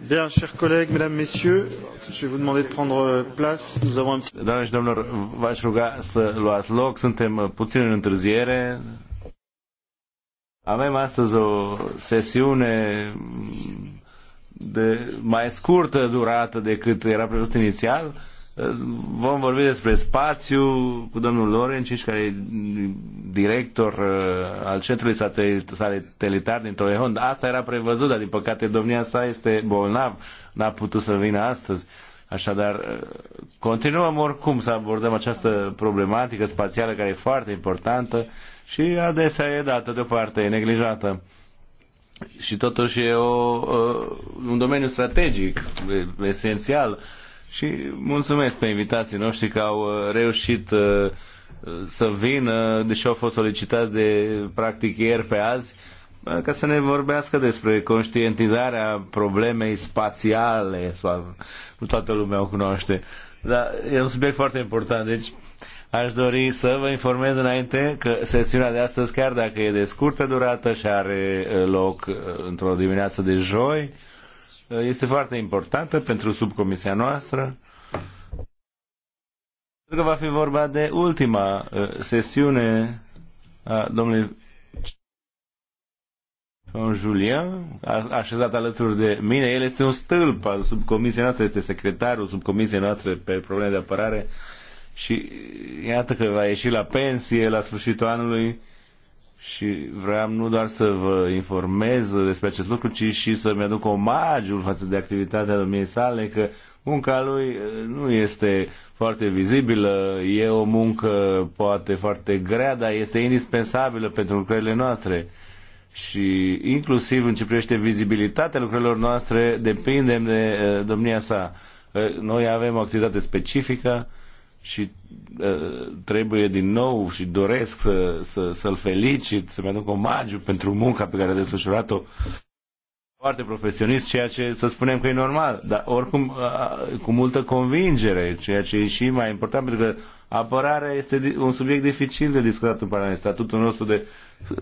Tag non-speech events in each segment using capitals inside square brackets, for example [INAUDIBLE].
Bien, chers collègues, mesdames, messieurs, je vais vous demander de prendre euh, place. Nous avons un petit... Doamne și domnilor, v-aș ruga să luați loc. Suntem uh, puțin în întârziere. Avem astăzi o sesiune mm, de mai scurtă durată decât era prevăzut inițial Vom vorbi despre spațiu cu domnul Lorenciș, care e director uh, al Centrului Satelitar din Torrejon. Asta era prevăzut, dar din păcate domnia sa este bolnav, n-a putut să vină astăzi. Așadar, uh, continuăm oricum să abordăm această problematică spațială care e foarte importantă și adesea e dată deoparte, e neglijată. Și totuși e o, uh, un domeniu strategic, esențial și mulțumesc pe invitații noștri că au uh, reușit uh, să vină, deși au fost solicitați de practic ieri pe azi, uh, ca să ne vorbească despre conștientizarea problemei spațiale, nu toată lumea o cunoaște. Dar e un subiect foarte important, deci aș dori să vă informez înainte că sesiunea de astăzi, chiar dacă e de scurtă durată și are loc într-o dimineață de joi, Uh, este foarte importantă pentru subcomisia noastră. Cred că va fi vorba de ultima uh, sesiune a domnului Julien, așezat alături de mine. El este un stâlp al subcomisiei noastre, este secretarul subcomisiei noastre pe probleme de apărare și iată că va ieși la pensie la sfârșitul anului și vreau nu doar să vă informez despre acest lucru, ci și să-mi aduc omagiul față de activitatea domniei sale, că munca lui uh, nu este foarte vizibilă, e o muncă poate foarte grea, dar este indispensabilă pentru lucrările noastre. Și inclusiv în ce privește vizibilitatea lucrărilor noastre, depindem de uh, domnia sa. Uh, noi avem o activitate specifică, și uh, trebuie din nou și doresc să, să, să-l felicit, să-mi aduc omagiu pentru munca pe care a desfășurat-o foarte profesionist, ceea ce să spunem că e normal, dar oricum uh, cu multă convingere, ceea ce e și mai important, pentru că apărarea este un subiect dificil de discutat în Parlament. Statutul nostru de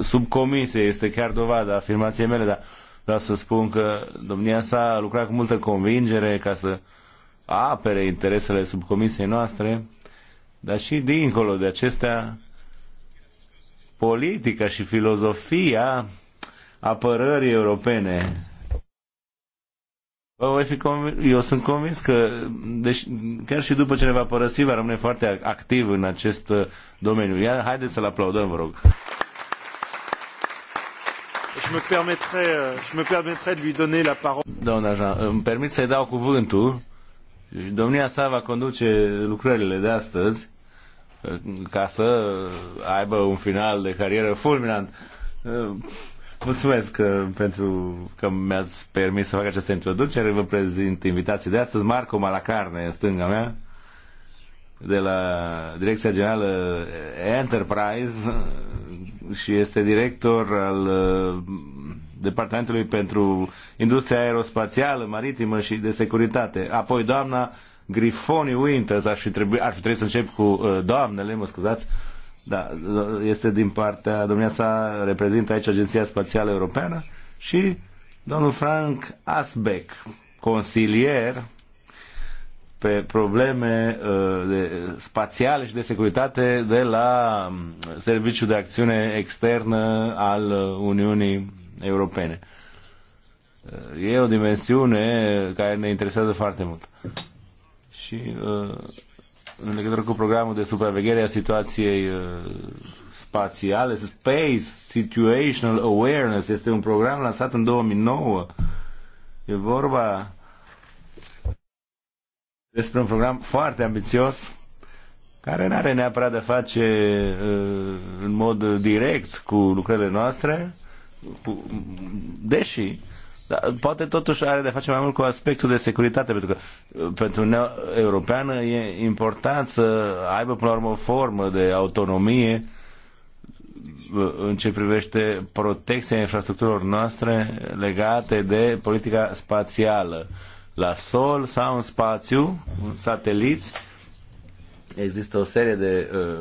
subcomisie este chiar dovada afirmației mele, dar vreau să spun că domnia sa a lucrat cu multă convingere ca să uh, apere interesele subcomisiei noastre, dar și dincolo de acestea, politica și filozofia apărării europene. Voi fi conv- eu sunt convins că, deci, chiar și după ce ne va părăsi, va rămâne foarte activ în acest uh, domeniu. Ia, haideți să-l aplaudăm, vă rog. Je me permettrai, euh, je me permettrai de lui donner la parole. Doamna Jean, îmi permit să-i dau cuvântul Domnia sa va conduce lucrările de astăzi uh, ca să aibă un final de carieră fulminant. Uh, mulțumesc că, uh, pentru că mi-ați permis să fac această introducere. Vă prezint invitații de astăzi. Marco Malacarne, în stânga mea, de la Direcția Generală Enterprise și este director al Departamentului pentru Industria Aerospațială, Maritimă și de Securitate. Apoi doamna Grifoni Winters, ar fi, ar fi trebuit să încep cu uh, doamnele, mă scuzați, da, este din partea, domnia sa reprezintă aici Agenția Spațială Europeană și domnul Frank Asbeck, consilier pe probleme uh, de, spațiale și de securitate de la um, Serviciul de Acțiune Externă al uh, Uniunii europene. E o dimensiune care ne interesează foarte mult. Și uh, în legătură cu programul de supraveghere a situației uh, spațiale, Space Situational Awareness, este un program lansat în 2009. E vorba despre un program foarte ambițios care nu are neapărat de face uh, în mod direct cu lucrările noastre, deși poate totuși are de face mai mult cu aspectul de securitate, pentru că uh, pentru Uniunea Europeană e important să aibă până la urmă o formă de autonomie uh, în ce privește protecția infrastructurilor noastre legate de politica spațială. La sol sau în spațiu, în sateliți, există o serie de uh,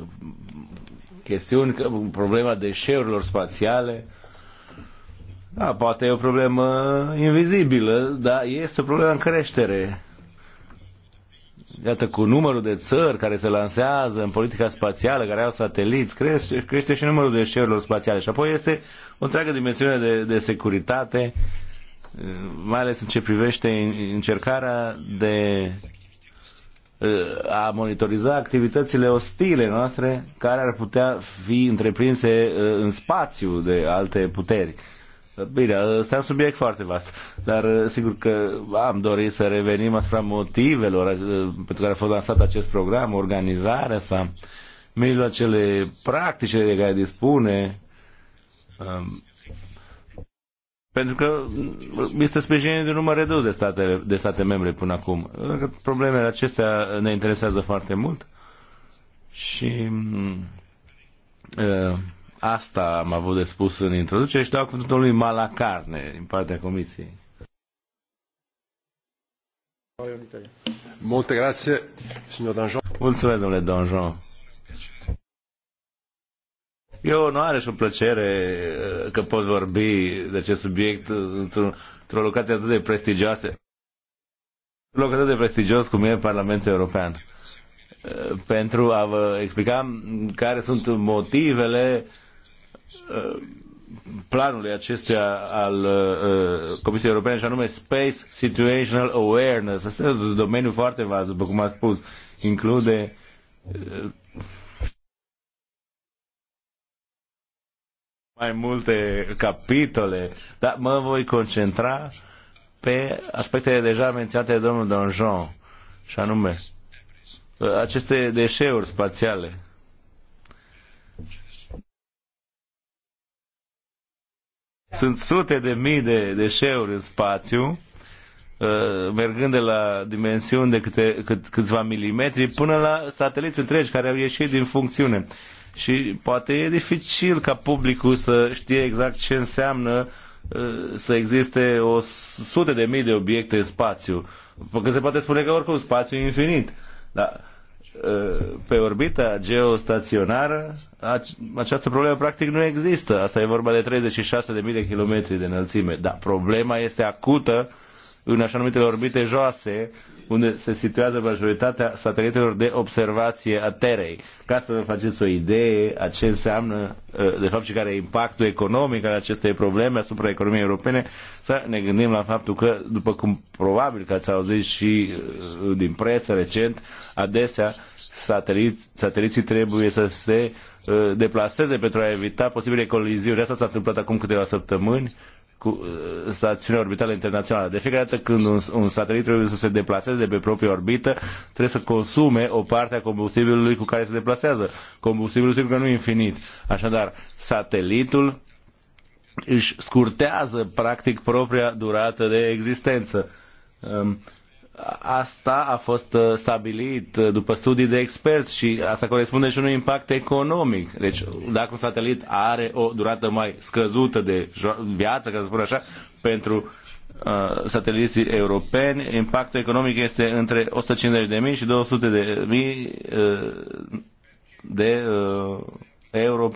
chestiuni, problema deșeurilor spațiale, uh, da, poate e o problemă invizibilă, dar este o problemă în creștere. Iată, cu numărul de țări care se lansează în politica spațială, care au sateliți, crește, crește și numărul de deșeurilor spațiale. Și apoi este o întreagă dimensiune de, de securitate, mai ales în ce privește încercarea de a monitoriza activitățile ostile noastre care ar putea fi întreprinse în spațiu de alte puteri. Bine, este un subiect foarte vast, dar uh, sigur că am dorit să revenim asupra motivelor uh, pentru care a fost lansat acest program, organizarea sa, mijloacele practice de care dispune, um, pentru că este sprijinit de număr redus de state, de state membre până acum. Problemele acestea ne interesează foarte mult și uh, Asta am avut de spus în introducere și dau cuvântul domnului Malacarne din partea comisiei. Multe grație, signor Danjon. Mulțumesc, domnule Danjon. E o onoare și o plăcere uh, că pot vorbi de acest subiect într-o, într locație atât de prestigioasă. Un loc atât de prestigios cum e Parlamentul European. Uh, pentru a vă explica care sunt motivele uh, Uh, planului acestuia al uh, uh, Comisiei Europene și anume Space Situational Awareness. Asta e un domeniu foarte vast, după cum ați spus. Include mai multe capitole, dar mă voi concentra pe aspectele deja menționate de domnul Donjon, și anume aceste deșeuri spațiale. Sunt sute de mii de deșeuri în spațiu, uh, mergând de la dimensiuni de câte, cât, câțiva milimetri până la sateliți întregi care au ieșit din funcțiune. Și poate e dificil ca publicul să știe exact ce înseamnă uh, să existe o sute de mii de obiecte în spațiu. Că se poate spune că oricum spațiu e infinit. Dar pe orbita geostaționară această problemă practic nu există. Asta e vorba de 36.000 de kilometri de înălțime. Dar problema este acută în așa numitele orbite joase, unde se situează majoritatea satelitelor de observație a Terei. Ca să vă faceți o idee a ce înseamnă, ă, de fapt, și care e impactul economic al acestei probleme asupra economiei europene, să ne gândim la faptul că, după cum probabil că ați auzit și ă, din presă recent, adesea sateliți, sateliții trebuie să se ă, deplaseze pentru a evita posibile coliziuni. Asta s-a întâmplat acum câteva săptămâni cu uh, stațiunea orbitală internațională. De fiecare dată când un, un satelit trebuie să se deplaseze de pe propria orbită, trebuie să consume o parte a combustibilului cu care se deplasează. Combustibilul sigur că nu e infinit. Așadar, satelitul își scurtează practic propria durată de existență. Um, asta a fost uh, stabilit uh, după studii de experți și asta corespunde și unui impact economic. Deci dacă un satelit are o durată mai scăzută de viață, ca să spun așa, pentru uh, sateliții europeni, impactul economic este între 150.000 și 200.000 de uh, euro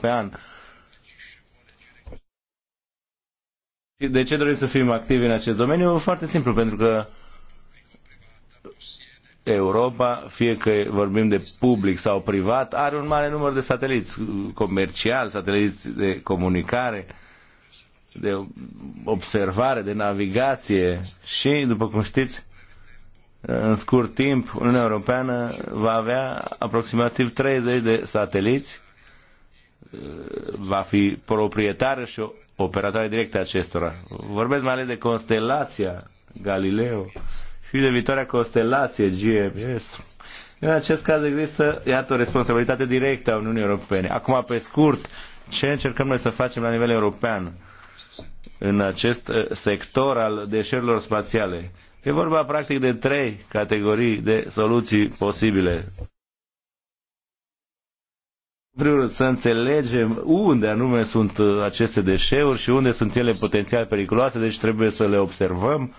De ce dorim să fim activi în acest domeniu? Foarte simplu, pentru că uh, Europa, fie că vorbim de public sau privat, are un mare număr de sateliți comerciali, sateliți de comunicare, de observare, de navigație și, după cum știți, în scurt timp, Uniunea Europeană va avea aproximativ 30 de sateliți, va fi proprietară și operatoare directă acestora. Vorbesc mai ales de constelația Galileo, și de viitoarea constelație GMS. În acest caz există, iată, o responsabilitate directă a Uniunii Europene. Acum, pe scurt, ce încercăm noi să facem la nivel european în acest uh, sector al deșeurilor spațiale? E vorba, practic, de trei categorii de soluții posibile. În primul rând, să înțelegem unde anume sunt uh, aceste deșeuri și unde sunt ele potențial periculoase, deci trebuie să le observăm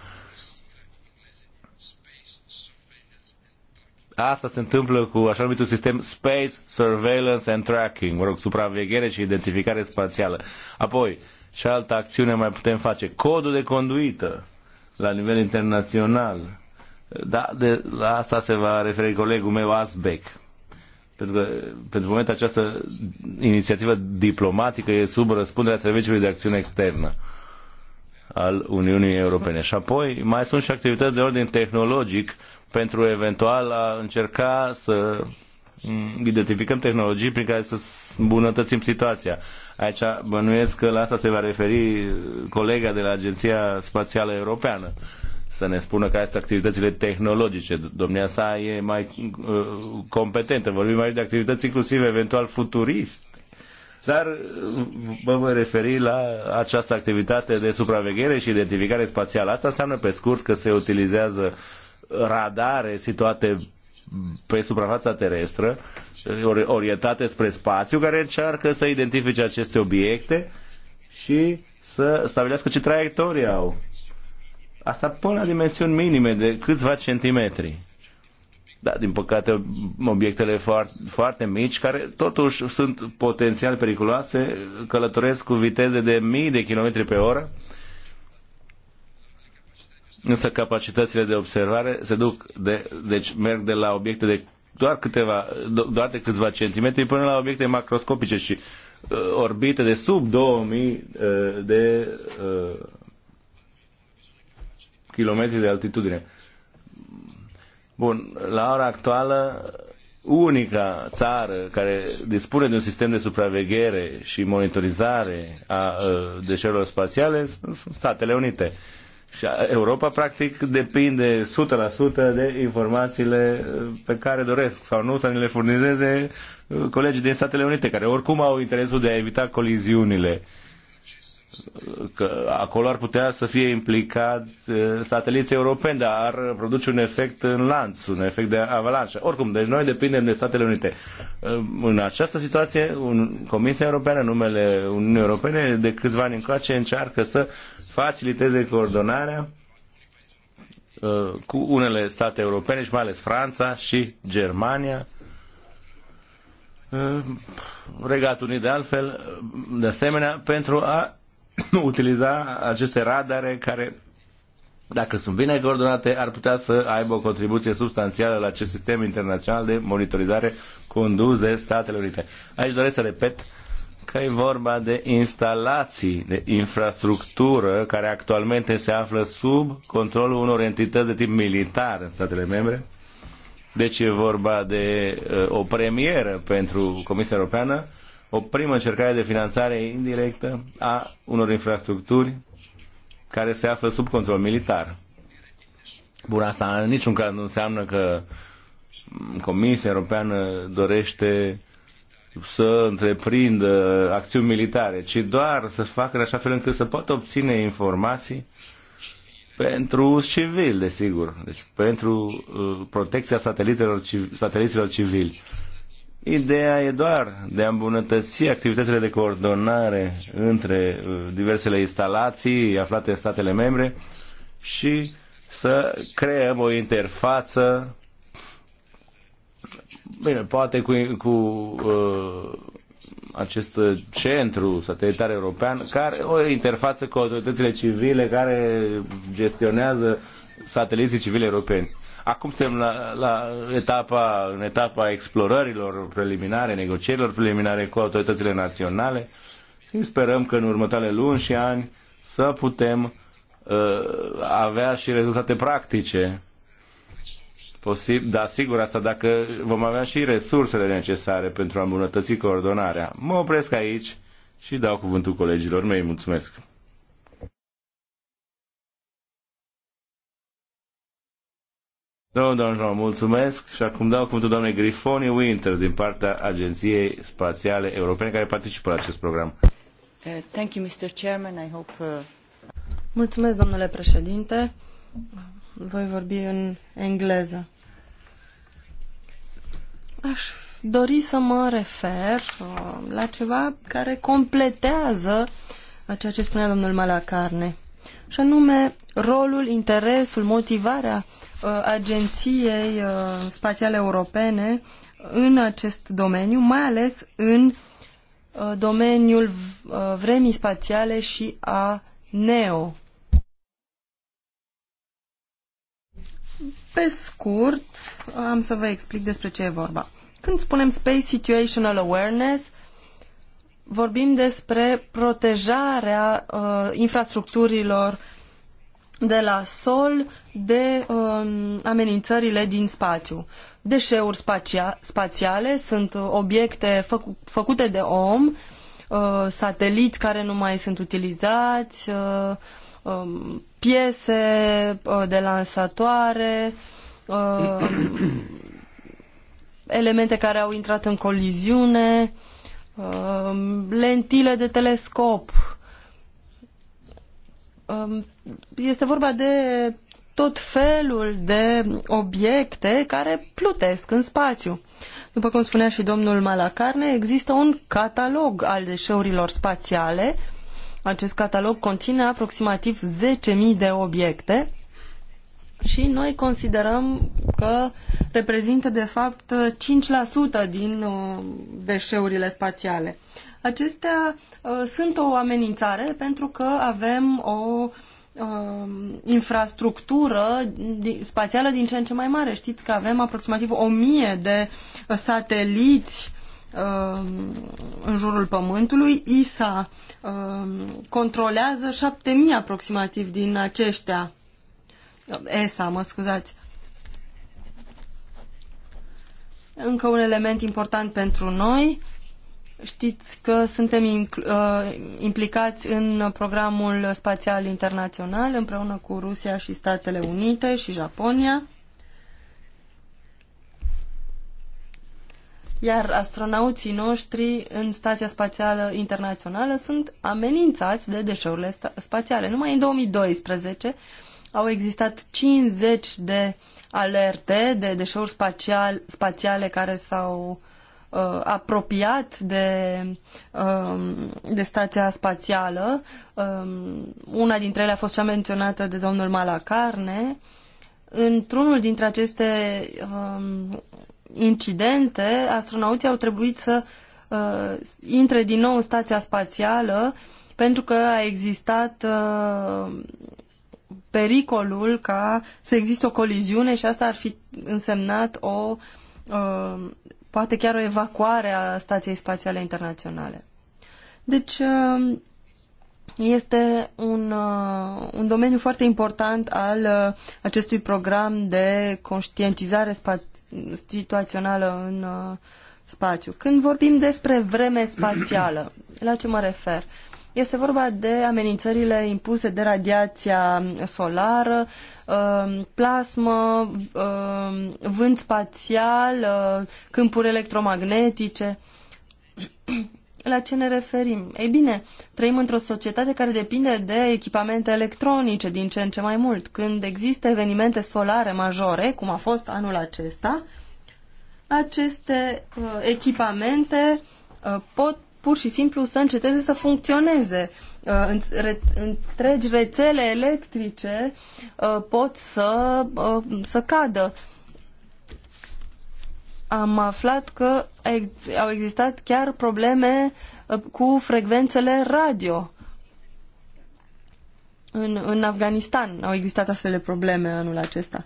Asta se întâmplă cu așa numitul sistem Space Surveillance and Tracking, mă rog, supraveghere și identificare spațială. Apoi, și altă acțiune mai putem face? Codul de conduită la nivel internațional. Da, de, la asta se va referi colegul meu, Asbeck. Pentru că, pentru moment, această inițiativă diplomatică e sub răspunderea Serviciului de Acțiune Externă al Uniunii Europene. Și apoi mai sunt și activități de ordin tehnologic pentru eventual a încerca să mm, identificăm tehnologii prin care să îmbunătățim situația. Aici bănuiesc că la asta se va referi colega de la Agenția Spațială Europeană să ne spună care sunt activitățile tehnologice. Domnia sa e mai uh, competentă. Vorbim aici de activități inclusiv eventual futurist. Dar uh, mă voi referi la această activitate de supraveghere și identificare spațială. Asta înseamnă pe scurt că se utilizează uh, radare situate pe suprafața terestră, orientate spre spațiu, care încearcă să identifice aceste obiecte și să stabilească ce traiectorie au. Asta până la dimensiuni minime de câțiva centimetri. Da, din păcate, obiectele foarte, foarte mici, care totuși sunt potențial periculoase, călătoresc cu viteze de mii de kilometri pe oră, uh, însă capacitățile de observare se duc de, deci merg de la obiecte de doar, câteva, doar de câțiva centimetri până la obiecte macroscopice și uh, orbite de sub 2000 uh, de uh, kilometri de altitudine. Bun, la ora actuală unica țară care dispune de un sistem de supraveghere și monitorizare a uh, deșeurilor spațiale sunt Statele Unite. Uh, și Europa, practic, depinde 100% de informațiile uh, pe care doresc sau nu să ne le furnizeze uh, colegii din Statele Unite, care oricum au interesul de a evita coliziunile. Uh, că acolo ar putea să fie implicat eh, sateliții europeni, dar ar produce un efect în lanț, un efect de avalanșă. Oricum, deci noi depindem de Statele Unite. Eh, în această situație, Comisia Europeană, numele Uniunii Europene, de câțiva ani încoace încearcă să faciliteze coordonarea eh, cu unele state europene și mai ales Franța și Germania, Regatul Unit de altfel, de asemenea, pentru a [COUGHS] utiliza aceste radare care, dacă sunt bine coordonate, ar putea să aibă o contribuție substanțială la acest sistem internațional de monitorizare condus de Statele Unite. Aici doresc să repet că e vorba de instalații, de infrastructură care actualmente se află sub controlul unor entități de tip militar în statele membre. Deci e vorba de uh, o premieră pentru Comisia Europeană uh, o primă încercare de finanțare indirectă a unor infrastructuri care se află sub control militar. Bun, asta în niciun caz nu înseamnă că Comisia Europeană dorește să întreprindă acțiuni militare, ci doar să facă în așa fel încât să poată obține informații pentru civil, desigur, deci pentru uh, protecția satelitelor, civ- sateliților civili. Ideea e doar de a îmbunătăți activitățile de coordonare între uh, diversele instalații aflate în statele membre și să creăm o interfață bine, poate cu, cu uh, acest centru satelitar european, care o interfață cu autoritățile civile care gestionează sateliții civile europeni. Acum suntem la, la etapa, în etapa explorărilor preliminare, negocierilor preliminare cu autoritățile naționale și sperăm că în următoarele luni și ani să putem uh, avea și rezultate practice. Posibil, dar sigur asta dacă vom avea și resursele necesare pentru a îmbunătăți coordonarea. Mă opresc aici și dau cuvântul colegilor mei. Mulțumesc! Domnul Donjon, mulțumesc și acum dau cuvântul doamnei Grifoni Winter din partea Agenției Spațiale Europene care participă la acest program. Uh, thank you, Mr. Chairman. I hope, uh... Mulțumesc, domnule președinte. Voi vorbi în engleză. Aș dori să mă refer uh, la ceva care completează uh, ceea ce spunea domnul Malacarne, și anume rolul, interesul, motivarea Uh, Agenției uh, Spațiale Europene în acest domeniu, mai ales în uh, domeniul vremii spațiale și a NEO. Pe scurt, am să vă explic despre ce e vorba. Când spunem Space Situational Awareness, vorbim despre protejarea uh, infrastructurilor de la sol de um, amenințările din spațiu. Deșeuri spația, spațiale sunt obiecte făcute de om, uh, sateliți care nu mai sunt utilizați, uh, um, piese uh, de lansatoare, uh, elemente care au intrat în coliziune, uh, lentile de telescop, Um, este vorba de tot felul de obiecte care plutesc în spațiu. După cum spunea și domnul Malacarne, există un catalog al deșeurilor spațiale. Acest catalog conține aproximativ 10.000 de obiecte și noi considerăm că reprezintă de fapt 5% din uh, deșeurile spațiale acestea uh, sunt o amenințare pentru că avem o uh, infrastructură spațială din ce în ce mai mare. Știți că avem aproximativ o mie de sateliți uh, în jurul Pământului. ISA um, controlează șapte mii aproximativ din aceștia. ESA, mă scuzați. Încă un element important pentru noi Știți că suntem uh, implicați în programul spațial internațional împreună cu Rusia și Statele Unite și Japonia. Iar astronauții noștri în Stația Spațială Internațională sunt amenințați de deșeurile spațiale. Numai în 2012 au existat 50 de alerte de deșeuri spațial, spațiale care s-au uh, uh, apropiat de, um, de stația spațială. Um, una dintre ele a fost cea menționată de domnul Malacarne. Într-unul dintre aceste um, incidente, astronauții au trebuit să uh, intre din nou în stația spațială pentru că a existat uh, pericolul ca să existe o coliziune și asta ar fi însemnat o uh, poate chiar o evacuare a Stației Spațiale Internaționale. Deci, um, este un, uh, un domeniu foarte important al uh, acestui program de conștientizare situațională în uh, spațiu. Când vorbim despre vreme spațială, la ce mă refer? Uh, este vorba de amenințările impuse de radiația solară, um, plasmă, um, vânt spațial, uh, câmpuri electromagnetice. [CLEARS THROAT] La ce ne referim? Ei bine, trăim într-o societate care depinde de echipamente electronice din ce în ce mai mult. Când există evenimente solare majore, cum a fost anul acesta, aceste uh, echipamente uh, pot pur și simplu să înceteze să funcționeze. Uh, întregi rețele electrice uh, pot să, uh, să cadă. Am aflat că au existat chiar probleme cu frecvențele radio. În, în Afganistan au existat astfel de probleme anul acesta.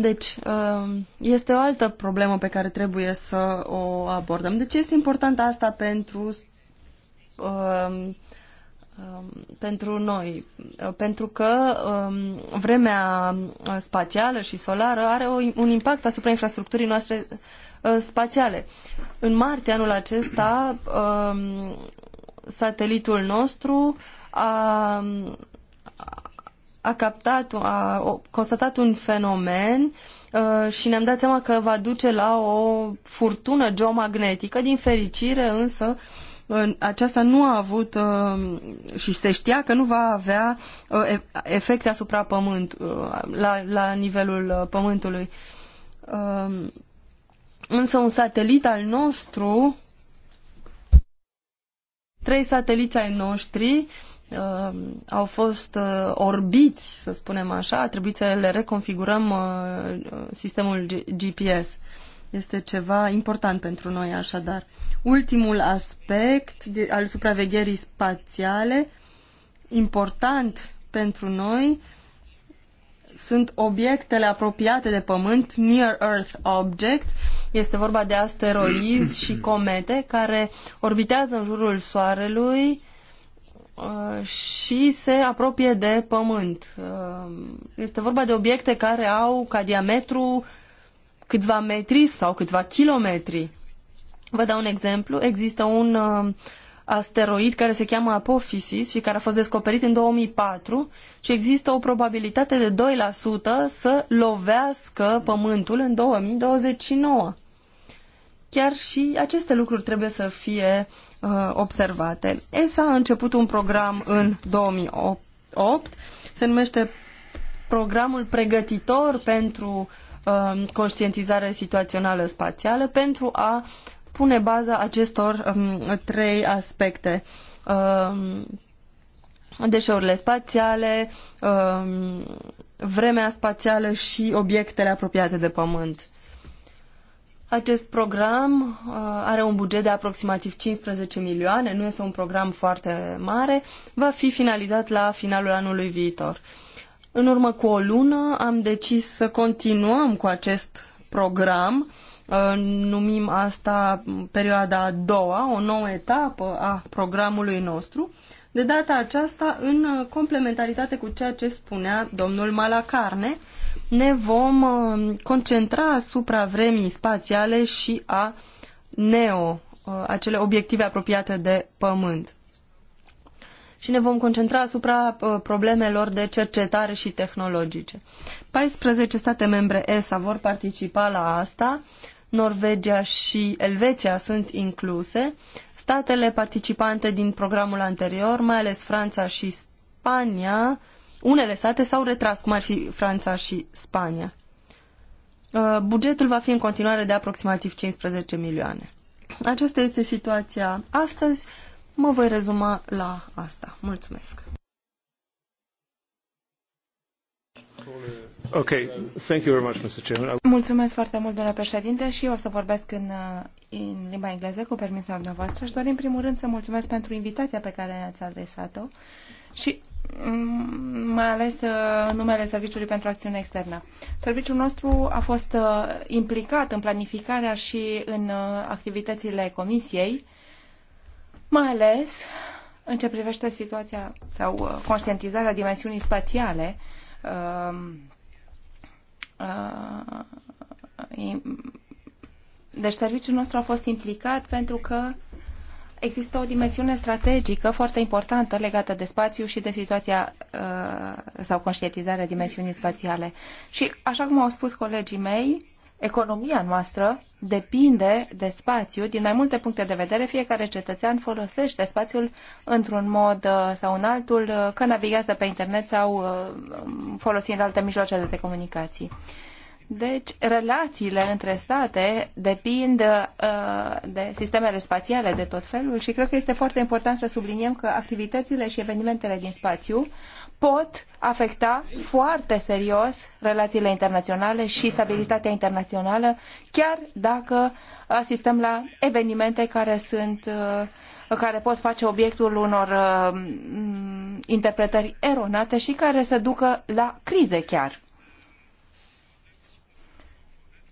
Deci, um, este o altă problemă pe care trebuie să o abordăm. De ce este important asta pentru, um, um, pentru noi? Pentru că vremea spațială și solară are un impact asupra infrastructurii noastre uh, spațiale. În martie anul acesta, satelitul nostru a a captat, a constatat un fenomen uh, și ne-am dat seama că va duce la o furtună geomagnetică. Din fericire, însă, aceasta nu a avut uh, și se știa că nu va avea uh, efecte asupra pământ, la, la nivelul pământului. Um, însă un satelit al nostru, trei sateliți ai noștri, uh, au fost uh, orbiți, să spunem așa, a trebuit să le reconfigurăm uh, sistemul GPS. Este ceva important pentru noi, așadar. Ultimul aspect de, al supravegherii spațiale, important pentru noi, sunt obiectele apropiate de Pământ, Near Earth objects) Este vorba de asteroizi și comete care orbitează în jurul Soarelui Uh, și se apropie de pământ. Uh, este vorba de obiecte care au ca diametru câțiva metri sau câțiva kilometri. Vă dau un exemplu. Există un uh, asteroid care se cheamă Apophysis și care a fost descoperit în 2004 și există o probabilitate de 2% să lovească Pământul în 2029. Chiar și aceste lucruri trebuie să fie uh, observate. ESA a început un program în 2008, se numește programul pregătitor pentru uh, conștientizare situațională spațială pentru a pune baza acestor um, trei aspecte. Um, deșeurile spațiale, um, vremea spațială și obiectele apropiate de Pământ. Acest program uh, are un buget de aproximativ 15 milioane, nu este un program foarte mare, va fi finalizat la finalul anului viitor. În urmă cu o lună am decis să continuăm cu acest program, uh, numim asta perioada a doua, o nouă etapă a programului nostru, de data aceasta în complementaritate cu ceea ce spunea domnul Malacarne, ne vom uh, concentra asupra vremii spațiale și a NEO, uh, acele obiective apropiate de Pământ. Și ne vom concentra asupra uh, problemelor de cercetare și tehnologice. 14 state membre ESA vor participa la asta, Norvegia și Elveția sunt incluse. Statele participante din programul anterior, mai ales Franța și Spania, unele state s-au retras, cum ar fi Franța și Spania. Uh, bugetul va fi în continuare de aproximativ 15 milioane. Aceasta este situația astăzi. Mă voi rezuma la asta. Mulțumesc. Okay. Thank you very much, Mr. Chairman. Mulțumesc foarte mult, domnule președinte, și o să vorbesc în, uh, în limba engleză, cu permisul dumneavoastră. Aș dori, în primul rând, să mulțumesc pentru invitația pe care ne-ați adresat-o și mai ales uh, numele Serviciului pentru Acțiune Externă. Serviciul nostru a fost uh, implicat în planificarea și în uh, activitățile Comisiei, mai ales în ce privește situația sau conștientizarea dimensiunii spațiale um, deci serviciul nostru a fost implicat pentru că există o dimensiune strategică foarte importantă legată de spațiu și de situația uh, sau conștientizarea dimensiunii spațiale. Și, așa cum au spus colegii mei, economia noastră depinde de spațiu din mai multe puncte de vedere. Fiecare cetățean folosește spațiul într-un mod uh, sau în altul, uh, că navighează pe internet sau folosind alte mijloace de comunicații. Deci, relațiile între state depind uh, de sistemele spațiale de tot felul și cred că este foarte important să subliniem că activitățile și evenimentele din spațiu pot afecta foarte serios relațiile internaționale și stabilitatea internațională, chiar dacă asistăm la evenimente care sunt uh, care pot face obiectul unor uh, interpretări eronate și care să ducă la crize chiar.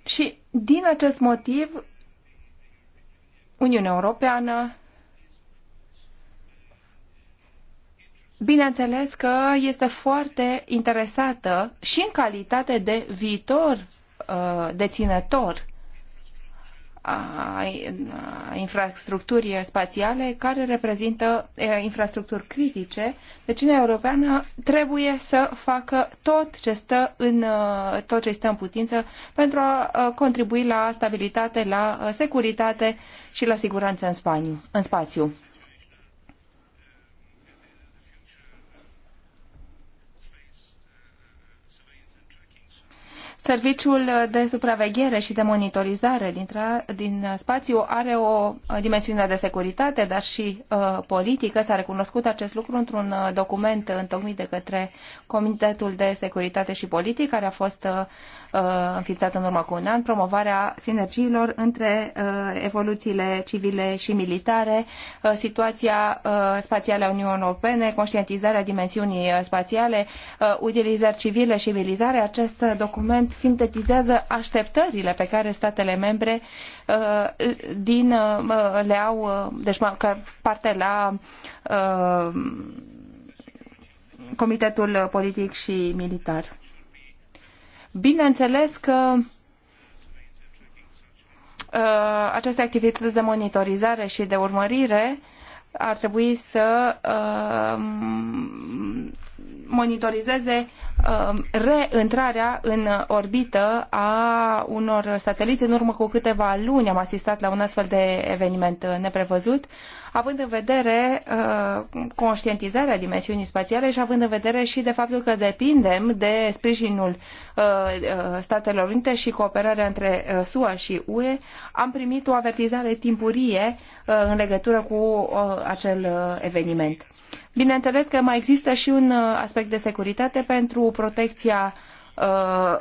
Și din acest motiv, Uniunea Europeană Bineînțeles că este foarte interesată și în calitate de viitor uh, deținător a infrastructurii spațiale, care reprezintă infrastructuri critice. Deci Uniunea Europeană trebuie să facă tot ce stă în tot ce stă în putință pentru a contribui la stabilitate, la securitate și la siguranță în, spaniu, în spațiu. Serviciul de supraveghere și de monitorizare din, din spațiu are o dimensiune de securitate, dar și uh, politică. S-a recunoscut acest lucru într-un uh, document întocmit de către Comitetul de Securitate și politică, care a fost uh, uh, înființat în urmă cu un an, promovarea sinergiilor între uh, evoluțiile civile și militare, uh, situația uh, spațială a Uniunii Europene, conștientizarea dimensiunii uh, spațiale, uh, utilizări civile și militare. Acest document sintetizează așteptările pe care statele membre uh, din, uh, le au, uh, deci ca parte la Comitetul Politic și Militar. Bineînțeles că aceste activități de monitorizare și de urmărire ar trebui să monitorizeze um, reîntrarea în orbită a unor sateliți. În urmă cu câteva luni am asistat la un astfel de eveniment neprevăzut având în vedere uh, conștientizarea dimensiunii spațiale și având în vedere și de faptul că depindem de sprijinul uh, uh Statelor Unite și cooperarea între uh, SUA și UE, am primit o avertizare timpurie uh, în legătură cu uh, acel uh, eveniment. Bineînțeles că mai există și un uh, aspect de securitate pentru protecția uh,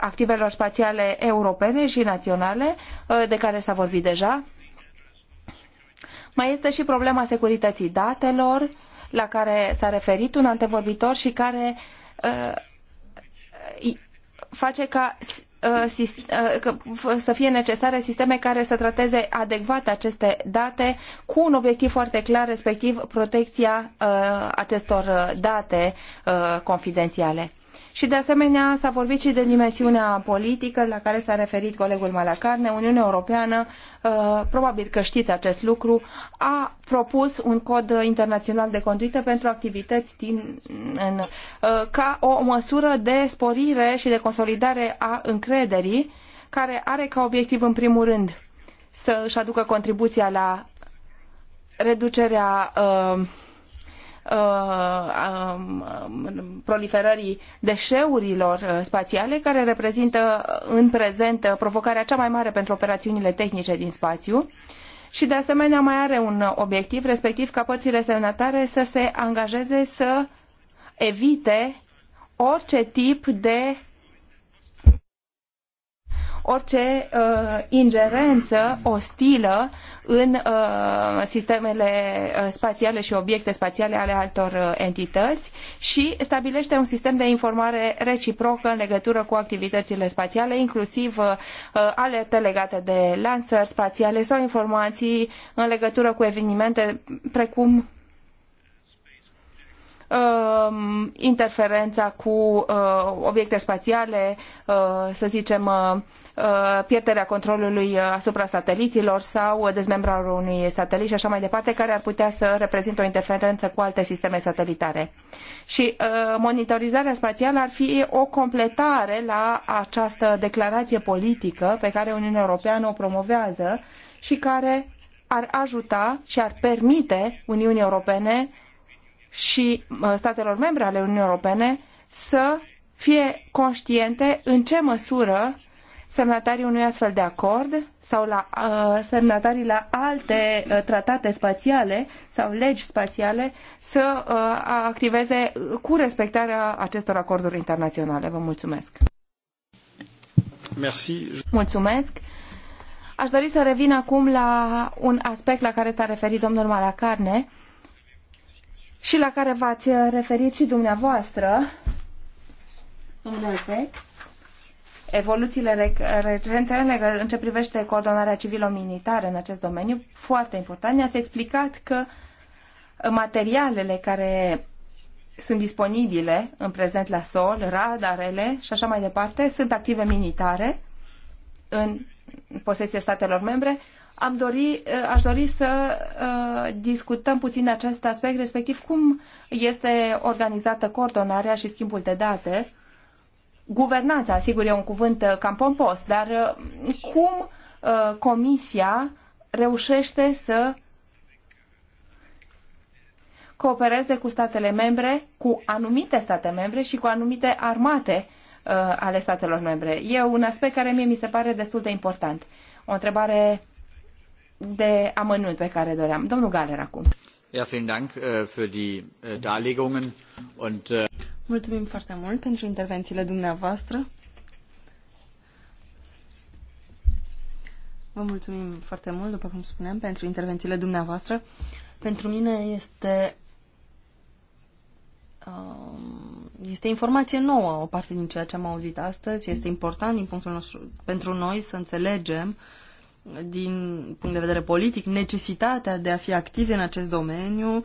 activelor spațiale europene și naționale, uh, de care s-a vorbit deja. Mai este și problema securității datelor, la care s-a referit un antevorbitor și care uh, face ca uh, uh, să fie necesare sisteme care să trateze adecvat aceste date cu un obiectiv foarte clar, respectiv protecția uh, acestor date confidențiale. Și de asemenea s-a vorbit și de dimensiunea politică la care s-a referit colegul Malacarne. Uniunea Europeană, uh, probabil că știți acest lucru, a propus un cod internațional de conduită pentru activități din, în, uh, ca o măsură de sporire și de consolidare a încrederii care are ca obiectiv în primul rând să își aducă contribuția la reducerea uh, Uh, um, proliferării deșeurilor uh, spațiale, care reprezintă uh, în prezent provocarea cea mai mare pentru operațiunile tehnice din spațiu și de asemenea mai are un obiectiv, respectiv ca părțile semnatare să se angajeze să evite orice tip de orice uh, ingerență ostilă în uh, sistemele uh, spațiale și obiecte spațiale ale altor uh, entități și stabilește un sistem de informare reciprocă în legătură cu activitățile spațiale, inclusiv uh, uh alerte legate de lansări spațiale sau informații în legătură cu evenimente precum Um, interferența cu uh, obiecte spațiale, uh, să zicem uh, pierderea controlului asupra sateliților sau dezmembrarea unui satelit și așa mai departe, care ar putea să reprezinte o interferență cu alte sisteme satelitare. Și monitorizarea spațială ar fi o completare la această declarație politică pe care Uniunea Europeană o promovează și care ar ajuta și ar permite Uniunii Europene și statelor membre ale Uniunii Europene să fie conștiente în ce măsură semnatarii unui astfel de acord sau la uh, semnatarii la alte uh, tratate spațiale sau legi spațiale să uh, activeze cu respectarea acestor acorduri internaționale. Vă mulțumesc. Merci. Mulțumesc. Aș dori să revin acum la un aspect la care s-a referit domnul Malacarne și la care v-ați uh, referit și dumneavoastră, domnule Pec, evoluțiile recente în ce privește coordonarea civilo-militară în acest domeniu, foarte important, ne-ați explicat că materialele care sunt disponibile în prezent la sol, radarele și așa mai departe, sunt active militare în posesie statelor membre, am dori, eh, aș dori să eh, discutăm puțin acest aspect, respectiv cum este organizată coordonarea și schimbul de date. Guvernanța, sigur, e un cuvânt eh, cam pompos, dar cum Comisia reușește să coopereze cu statele membre, cu anumite state membre și cu anumite armate ale statelor membre. E un aspect care mie mi se pare destul de important. O întrebare de amănunt pe care doream. Domnul Galer acum. Ja, vielen Dank äh, für die äh, Darlegungen und äh, Mulțumim foarte mult pentru intervențiile dumneavoastră. Vă mulțumim foarte mult, după cum spuneam, pentru intervențiile dumneavoastră. Pentru mine este um, este informație nouă, o parte din ceea ce am auzit astăzi. Este important din punctul nostru, pentru noi să înțelegem uh, din punct de vedere politic, necesitatea de a fi activi în acest domeniu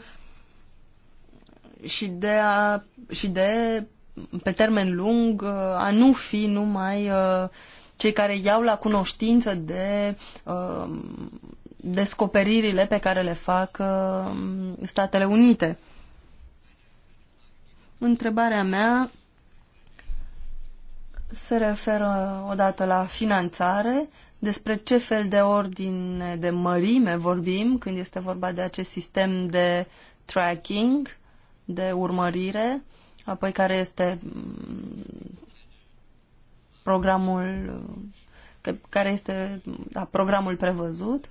și de, a, și de pe termen lung, uh, a nu fi numai uh, cei care iau la cunoștință de uh, descoperirile pe care le fac Statele Unite. Întrebarea mea se referă odată la finanțare despre ce fel de ordine de mărime vorbim când este vorba de acest sistem de tracking, de urmărire, apoi care este mm, programul care este da, programul prevăzut.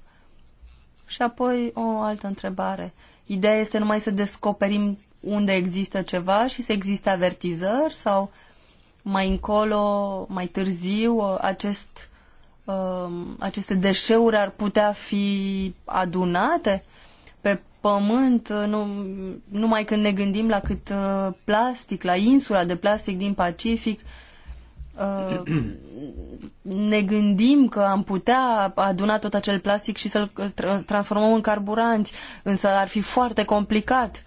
Și apoi o altă întrebare. Ideea este numai să descoperim unde există ceva și să existe avertizări sau mai încolo, mai târziu, acest Um, aceste deșeuri ar putea fi adunate pe pământ, uh, nu, numai când ne gândim la cât uh, plastic, la insula de plastic din Pacific, uh, [CLEARS THROAT] ne gândim că am putea aduna tot acel plastic și să-l transformăm în carburanți, însă ar fi foarte complicat.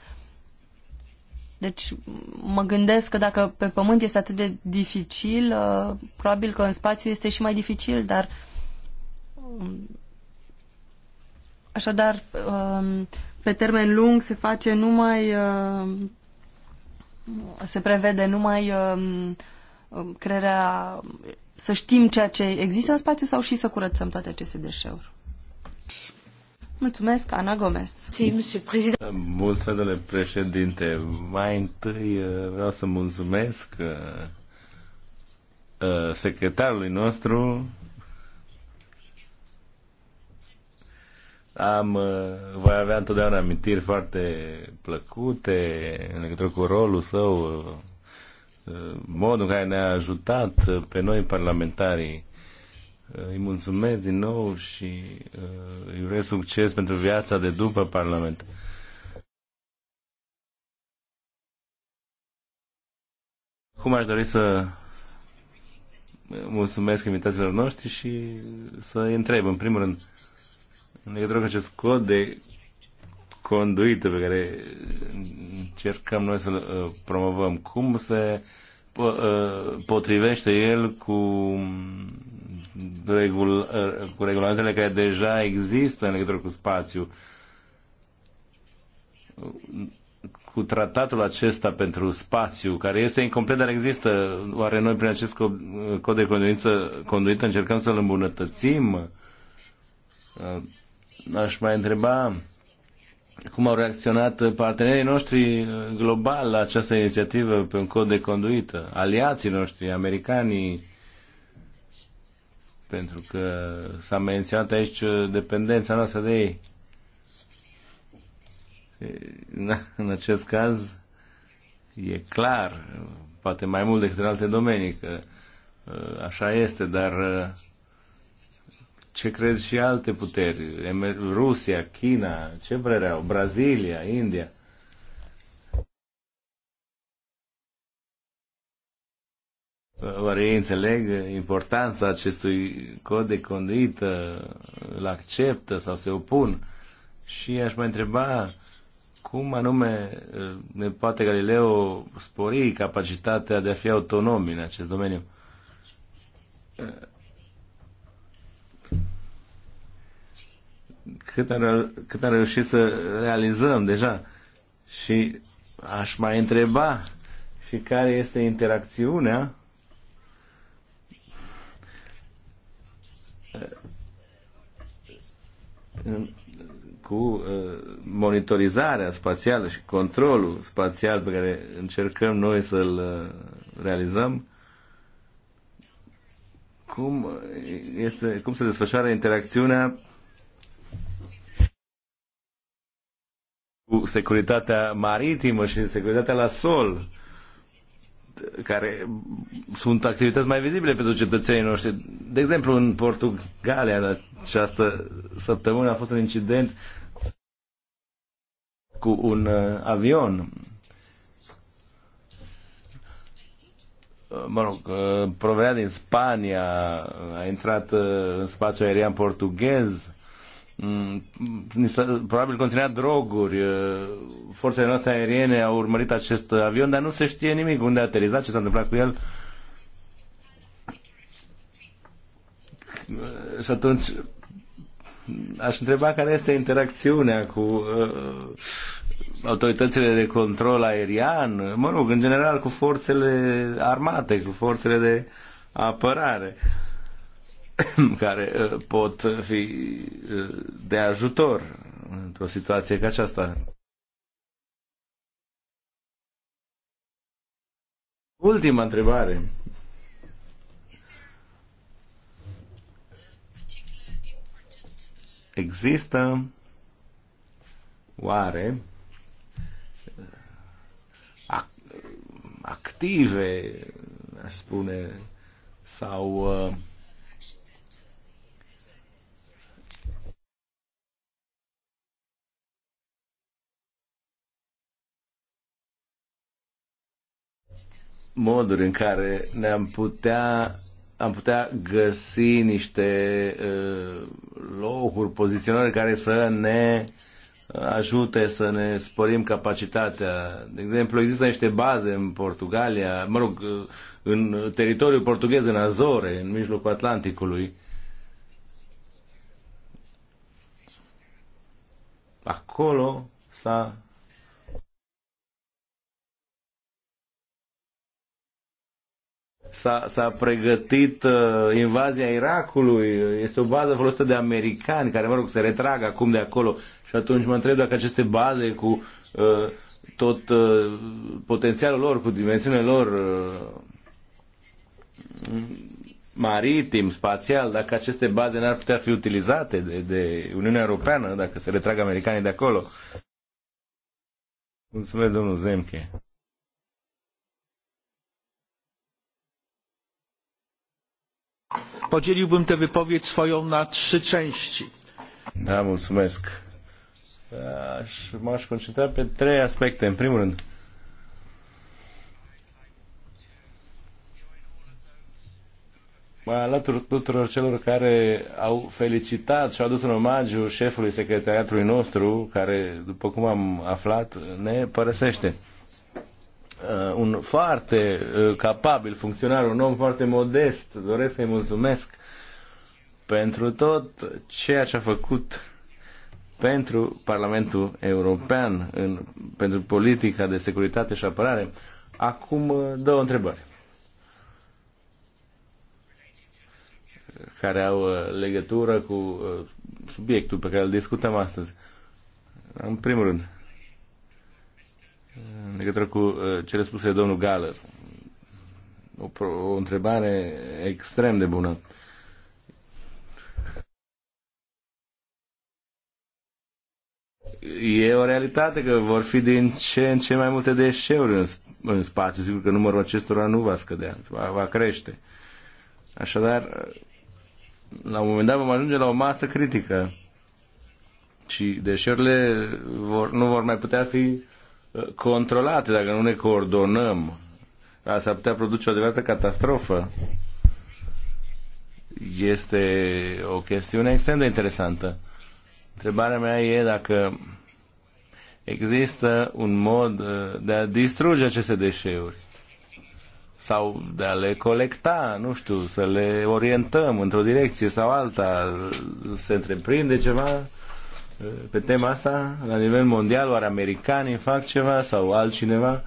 Deci mă gândesc că dacă pe pământ este atât de dificil, uh, probabil că în spațiu este și mai dificil, dar um, așadar um, pe termen lung se face numai um, se prevede numai crearea să știm ceea ce există în spațiu sau și să curățăm toate aceste deșeuri. Mulțumesc, Ana Gomez. Bun, președinte. Mai întâi eh, vreau să mulțumesc eh, eh, secretarului nostru. Am, voi avea întotdeauna amintiri foarte plăcute în legătură cu rolul său, modul în care ne-a ajutat pe noi parlamentarii îi mulțumesc din nou și uh, îi urez succes pentru viața de după Parlament. Cum aș dori să mulțumesc invitațiilor noștri și să îi întreb, în primul rând, în legătură cu acest cod de conduită pe care încercăm noi să-l uh, promovăm, cum se uh, potrivește el cu regul, cu regulamentele care deja există în legătură cu spațiu. Cu tratatul acesta pentru spațiu, care este incomplet, dar există, oare noi prin acest cod de conduință, conduită încercăm să-l îmbunătățim? Uh, aș mai întreba cum au reacționat partenerii noștri global la această inițiativă pe un cod de conduită, aliații noștri, americanii, pentru că s-a menționat aici uh, dependența noastră de ei. Na, [LAUGHS] în acest caz e clar, poate mai mult decât în alte domenii, că uh, așa este, dar uh, ce cred și alte puteri, Rusia, China, ce părere Brazilia, India, Oare ei înțeleg importanța acestui cod de conduită, îl acceptă sau se opun? Și aș mai întreba cum anume ne poate Galileo spori capacitatea de a fi autonom în acest domeniu. Cât am, cât am reușit să realizăm deja și aș mai întreba și care este interacțiunea cu uh, monitorizarea spațială și controlul spațial pe care încercăm noi să-l uh, realizăm, cum, este, cum se desfășoară interacțiunea cu securitatea maritimă și securitatea la sol care sunt activități mai vizibile pentru cetățenii noștri. De exemplu, în Portugalia, în această săptămână, a fost un incident cu un uh, avion. Uh, mă rog, uh, provenea din Spania, a intrat în spațiul aerian portughez Mm, probabil conținea droguri, uh, forțele noastre aeriene au urmărit acest avion, dar nu se știe nimic unde a aterizat, ce s-a întâmplat cu el. Uh, și atunci aș întreba care este interacțiunea cu uh, autoritățile de control aerian, mă rog, în general cu forțele armate, cu forțele de apărare. Uh, [COUGHS] care uh, pot fi uh, de ajutor într-o situație ca aceasta. Ultima întrebare. Există oare uh, active, aș spune, sau uh, moduri în care ne-am putea am putea găsi niște uh, locuri, poziționări care să ne ajute să ne sporim capacitatea. De exemplu, există niște baze în Portugalia, mă rog, uh, în teritoriul portughez, în Azore, în mijlocul Atlanticului. Acolo s-a s-a, pregătit uh, invazia Irakului, este o bază folosită de americani care, mă rog, se retrag acum de acolo și atunci mă întreb dacă aceste baze cu uh, tot uh, potențialul lor, cu dimensiunile lor uh, maritim, spațial, dacă aceste baze n-ar putea fi utilizate de, de Uniunea Europeană, dacă se retrag americanii de acolo. Mulțumesc, domnul zemke Podzieliłbym tę wypowiedź swoją na trzy części. Da, mulțumesc. Aș, m-aș concentra pe trei aspecte. În primul rând, mă alătur tuturor celor care au felicitat și au adus un omagiu șefului secretariatului nostru, care, după cum am aflat, ne părăsește. Uh, un foarte uh, capabil funcționar, un om foarte modest. Doresc să-i mulțumesc pentru tot ceea ce a făcut pentru Parlamentul European, în, pentru politica de securitate și apărare. Acum uh, două întrebări care au legătură cu subiectul pe care îl discutăm astăzi. În primul rând, în legătură cu uh, cele spuse de domnul Galler. O, o întrebare extrem de bună. E o realitate că vor fi din ce în ce mai multe deșeuri în, în spațiu. Sigur că numărul acestora nu va scădea, va, va crește. Așadar, la un moment dat vom ajunge la o masă critică și deșeurile vor, nu vor mai putea fi controlate, dacă nu ne coordonăm. Asta ar putea produce o adevărată catastrofă. Este o chestiune extrem de interesantă. Întrebarea mea e dacă există un mod uh, de a distruge aceste deșeuri sau de a le colecta, nu știu, să le orientăm într-o direcție sau alta, se întreprinde ceva pe tema asta la nivel mondial? Oare americanii fac ceva sau altcineva?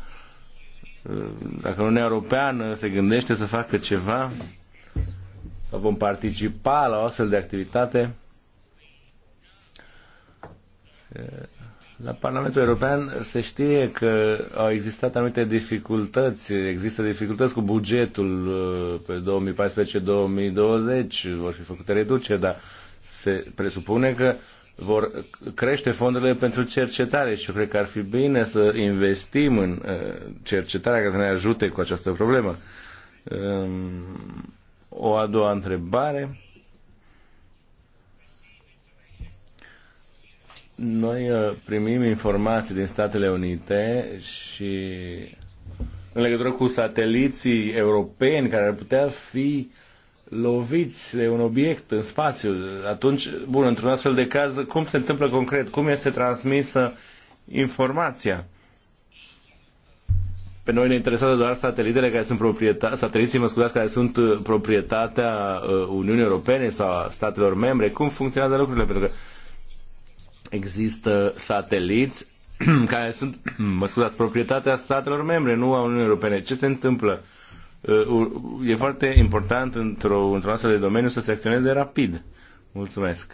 Dacă Uniunea Europeană se gândește să facă ceva sau vom participa la o astfel de activitate? La Parlamentul European se știe că au existat anumite dificultăți, există dificultăți cu bugetul uh, pe 2014-2020, vor fi făcute reduceri, dar se presupune că vor crește fondurile pentru cercetare și eu cred că ar fi bine să investim în uh, cercetarea care să ne ajute cu această problemă. Um, o a doua întrebare. Noi uh, primim informații din Statele Unite și în legătură cu sateliții europeni care ar putea fi uh, loviți de un obiect în spațiu, atunci, bun, într-un astfel de caz, cum se întâmplă concret? Cum este transmisă informația? Pe noi ne interesează doar satelitele care sunt proprietate, sateliții, mă scuzați, care sunt uh, proprietatea uh, Uniunii Europene sau a statelor membre. Cum funcționează lucrurile? Pentru că există sateliți [CLEARS THROAT] care sunt, [CLEARS THROAT] mă scuzați, proprietatea statelor membre, nu a Uniunii Europene. Ce se întâmplă? Uh, e foarte important într-o, într-un astfel de domeniu să se acționeze rapid. Mulțumesc.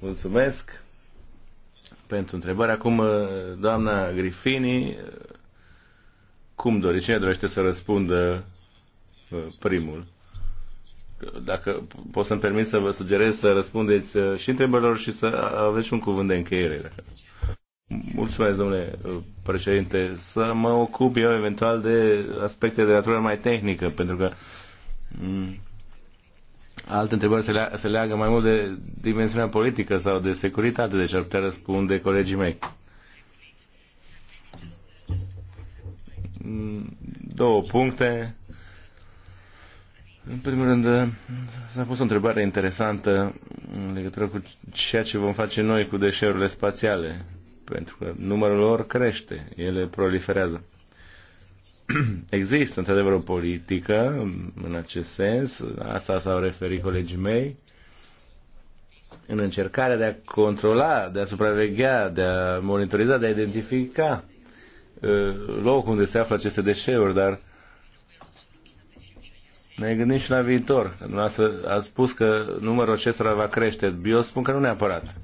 Mulțumesc pentru întrebare. Acum, uh, doamna Grifini, uh, cum doriți? Cine dorește să răspundă primul? Dacă pot să-mi permit să vă sugerez să răspundeți și întrebărilor și să aveți un cuvânt de încheiere. Dacă... Mulțumesc, domnule uh, președinte. Să mă ocup eu eventual de aspecte de natură mai tehnică, pentru că mm, alte întrebări se, lea, se leagă mai mult de dimensiunea politică sau de securitate, deci ar putea răspunde colegii mei. Mm, două puncte. În primul rând, s-a pus o întrebare interesantă în legătură cu ceea ce vom face noi cu deșeurile spațiale pentru că numărul lor crește, ele proliferează. [CLEARS THROAT] Există, într-adevăr, o politică în acest sens, asta s-au referit colegii mei, în încercarea de a controla, de a supraveghea, de a monitoriza, de a identifica uh, locul unde se află aceste deșeuri, dar ne gândim și la viitor. a spus că numărul acestora va crește. Eu spun că nu neapărat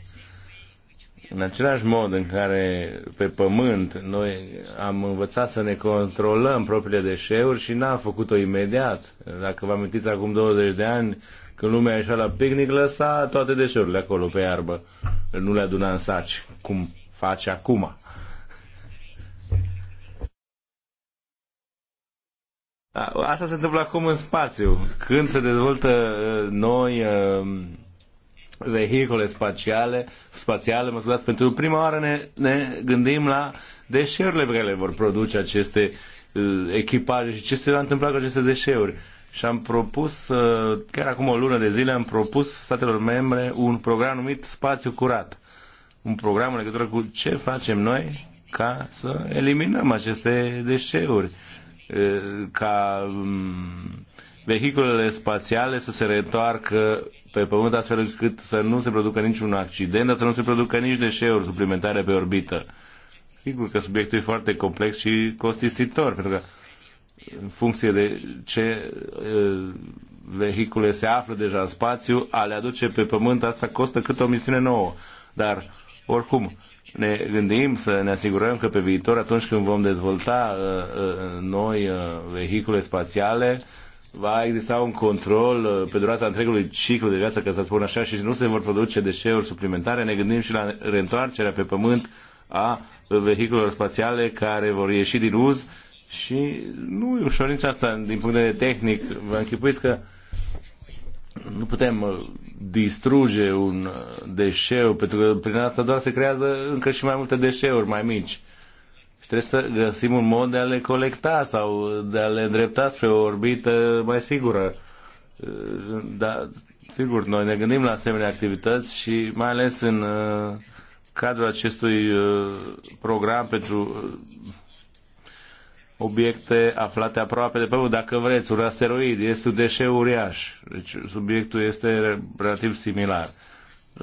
în același mod în care pe pământ noi am învățat să ne controlăm propriile deșeuri și n-am făcut-o imediat. Dacă vă amintiți acum 20 de ani, când lumea ieșea la picnic, lăsa toate deșeurile acolo pe iarbă. Nu le aduna în saci, cum face acum. Asta se întâmplă acum în spațiu. Când se dezvoltă uh, noi uh, vehicule spațiale, spațiale mă scuzați, pentru prima oară ne, ne gândim la deșeurile pe care le vor produce aceste uh, echipaje și ce se va întâmpla cu aceste deșeuri. Și am propus, uh, chiar acum o lună de zile, am propus statelor membre un program numit Spațiu Curat. Un program în legătură cu ce facem noi ca să eliminăm aceste deșeuri. Uh, ca um, vehiculele spațiale să se reîntoarcă pe Pământ astfel încât să nu se producă niciun accident, dar să nu se producă nici deșeuri suplimentare pe orbită. Sigur că subiectul e foarte complex și costisitor, pentru că în funcție de ce vehicule se află deja în spațiu, a le aduce pe Pământ, asta costă cât o misiune nouă. Dar, oricum, ne gândim să ne asigurăm că pe viitor, atunci când vom dezvolta uh, uh, noi uh, vehicule spațiale, va exista un control uh, pe durata întregului ciclu de viață, ca să spun așa, și nu se vor produce deșeuri suplimentare. Ne gândim și la reîntoarcerea pe pământ a vehiculelor spațiale care vor ieși din uz și nu e ușorința asta din punct de vedere tehnic. Vă închipuiți că nu putem uh, distruge un uh, deșeu, pentru că prin asta doar se creează încă și mai multe deșeuri mai mici. Și trebuie să găsim un mod de a le colecta sau de a le îndrepta spre o orbită mai sigură. Dar, sigur, noi ne gândim la asemenea activități și mai ales în uh, cadrul acestui uh, program pentru uh, obiecte aflate aproape de Pământ. Dacă vreți, un asteroid este un deșeu uriaș. Deci subiectul este relativ similar.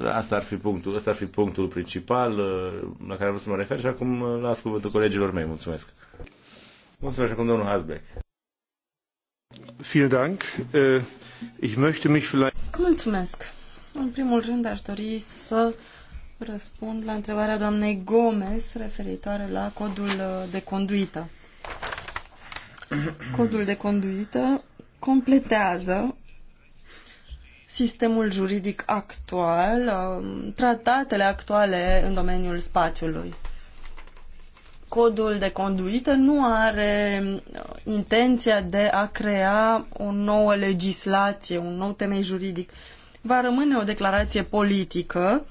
Asta ar fi punctul, asta ar fi punctul principal uh, la care vreau să mă refer și acum uh, las cuvântul colegilor mei. Mulțumesc. Mulțumesc acum domnul Hasbeck. Vielen Dank. Äh, ich möchte mich vielleicht... Mulțumesc. În primul rând aș dori să răspund la întrebarea doamnei Gomez referitoare la codul uh, de conduită. Codul de conduită completează sistemul juridic actual, um, tratatele actuale în domeniul spațiului. Codul de conduită nu are uh, intenția de a crea o nouă legislație, un nou temei juridic. Va rămâne o declarație politică,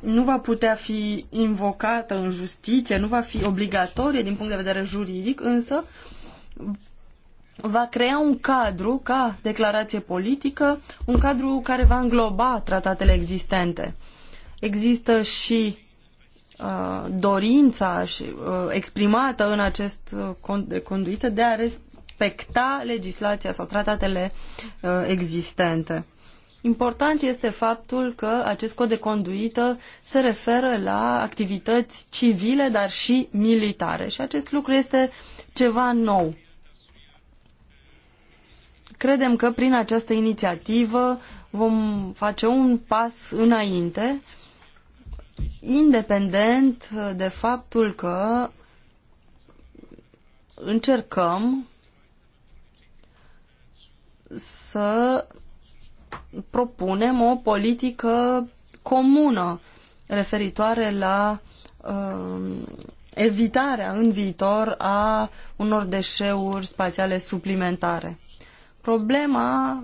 nu va putea fi invocată în justiție, nu va fi obligatorie din punct de vedere juridic, însă va crea un cadru ca declarație politică, un cadru care va îngloba tratatele existente. Există și uh, dorința și, uh, exprimată în acest uh, conduită de a respecta legislația sau tratatele uh, existente. Important este faptul că acest cod de conduită se referă la activități civile, dar și militare și acest lucru este ceva nou Credem că prin această inițiativă vom face un pas înainte, independent de faptul că încercăm să propunem o politică comună referitoare la uh, evitarea în viitor a unor deșeuri spațiale suplimentare. Problema,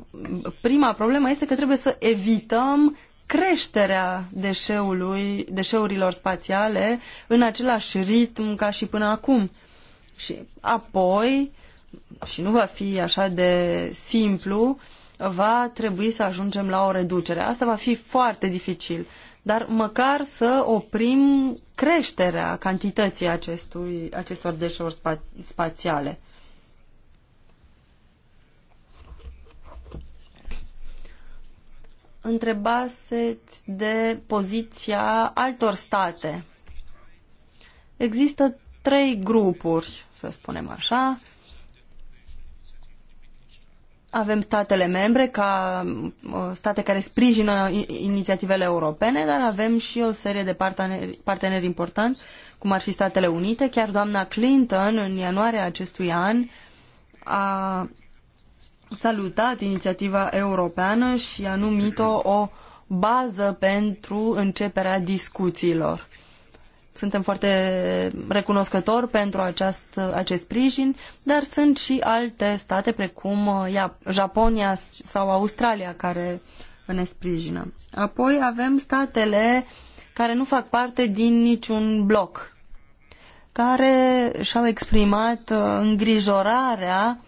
prima problemă este că trebuie să evităm creșterea deșeului, deșeurilor spațiale în același ritm ca și până acum. Și apoi, și nu va fi așa de simplu, va trebui să ajungem la o reducere. Asta va fi foarte dificil, dar măcar să oprim creșterea cantității acestui, acestor deșeuri spa, spațiale. întrebaseți de poziția altor state. Există trei grupuri, să spunem așa. Avem statele membre ca uh, state care sprijină inițiativele europene, dar avem și o serie de parteneri, parteneri importanti, cum ar fi Statele Unite. Chiar doamna Clinton, în ianuarie acestui an, a salutat inițiativa europeană și a numit-o o bază pentru începerea discuțiilor. Suntem foarte recunoscători pentru acest acest sprijin, dar sunt și alte state precum uh, Japonia sau Australia care ne sprijină. Apoi avem statele care nu fac parte din niciun bloc, care și-au exprimat uh, îngrijorarea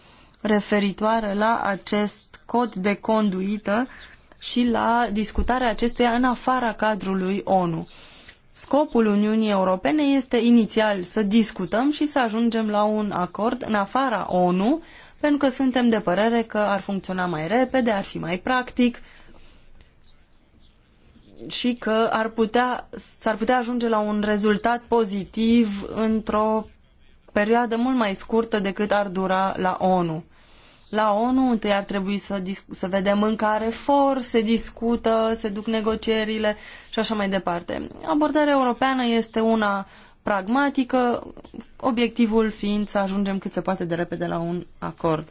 referitoare la acest cod de conduită și la discutarea acestuia în afara cadrului ONU. Scopul Uniunii Europene este inițial să discutăm și să ajungem la un acord în afara ONU, pentru că suntem de părere că ar funcționa mai repede, ar fi mai practic și că ar putea, s-ar putea ajunge la un rezultat pozitiv într-o perioadă mult mai scurtă decât ar dura la ONU la ONU întâi ar trebui să, să vedem în care for se discută, se duc negocierile și așa mai departe. Abordarea europeană este una pragmatică, obiectivul fiind să ajungem cât se poate de repede la un acord.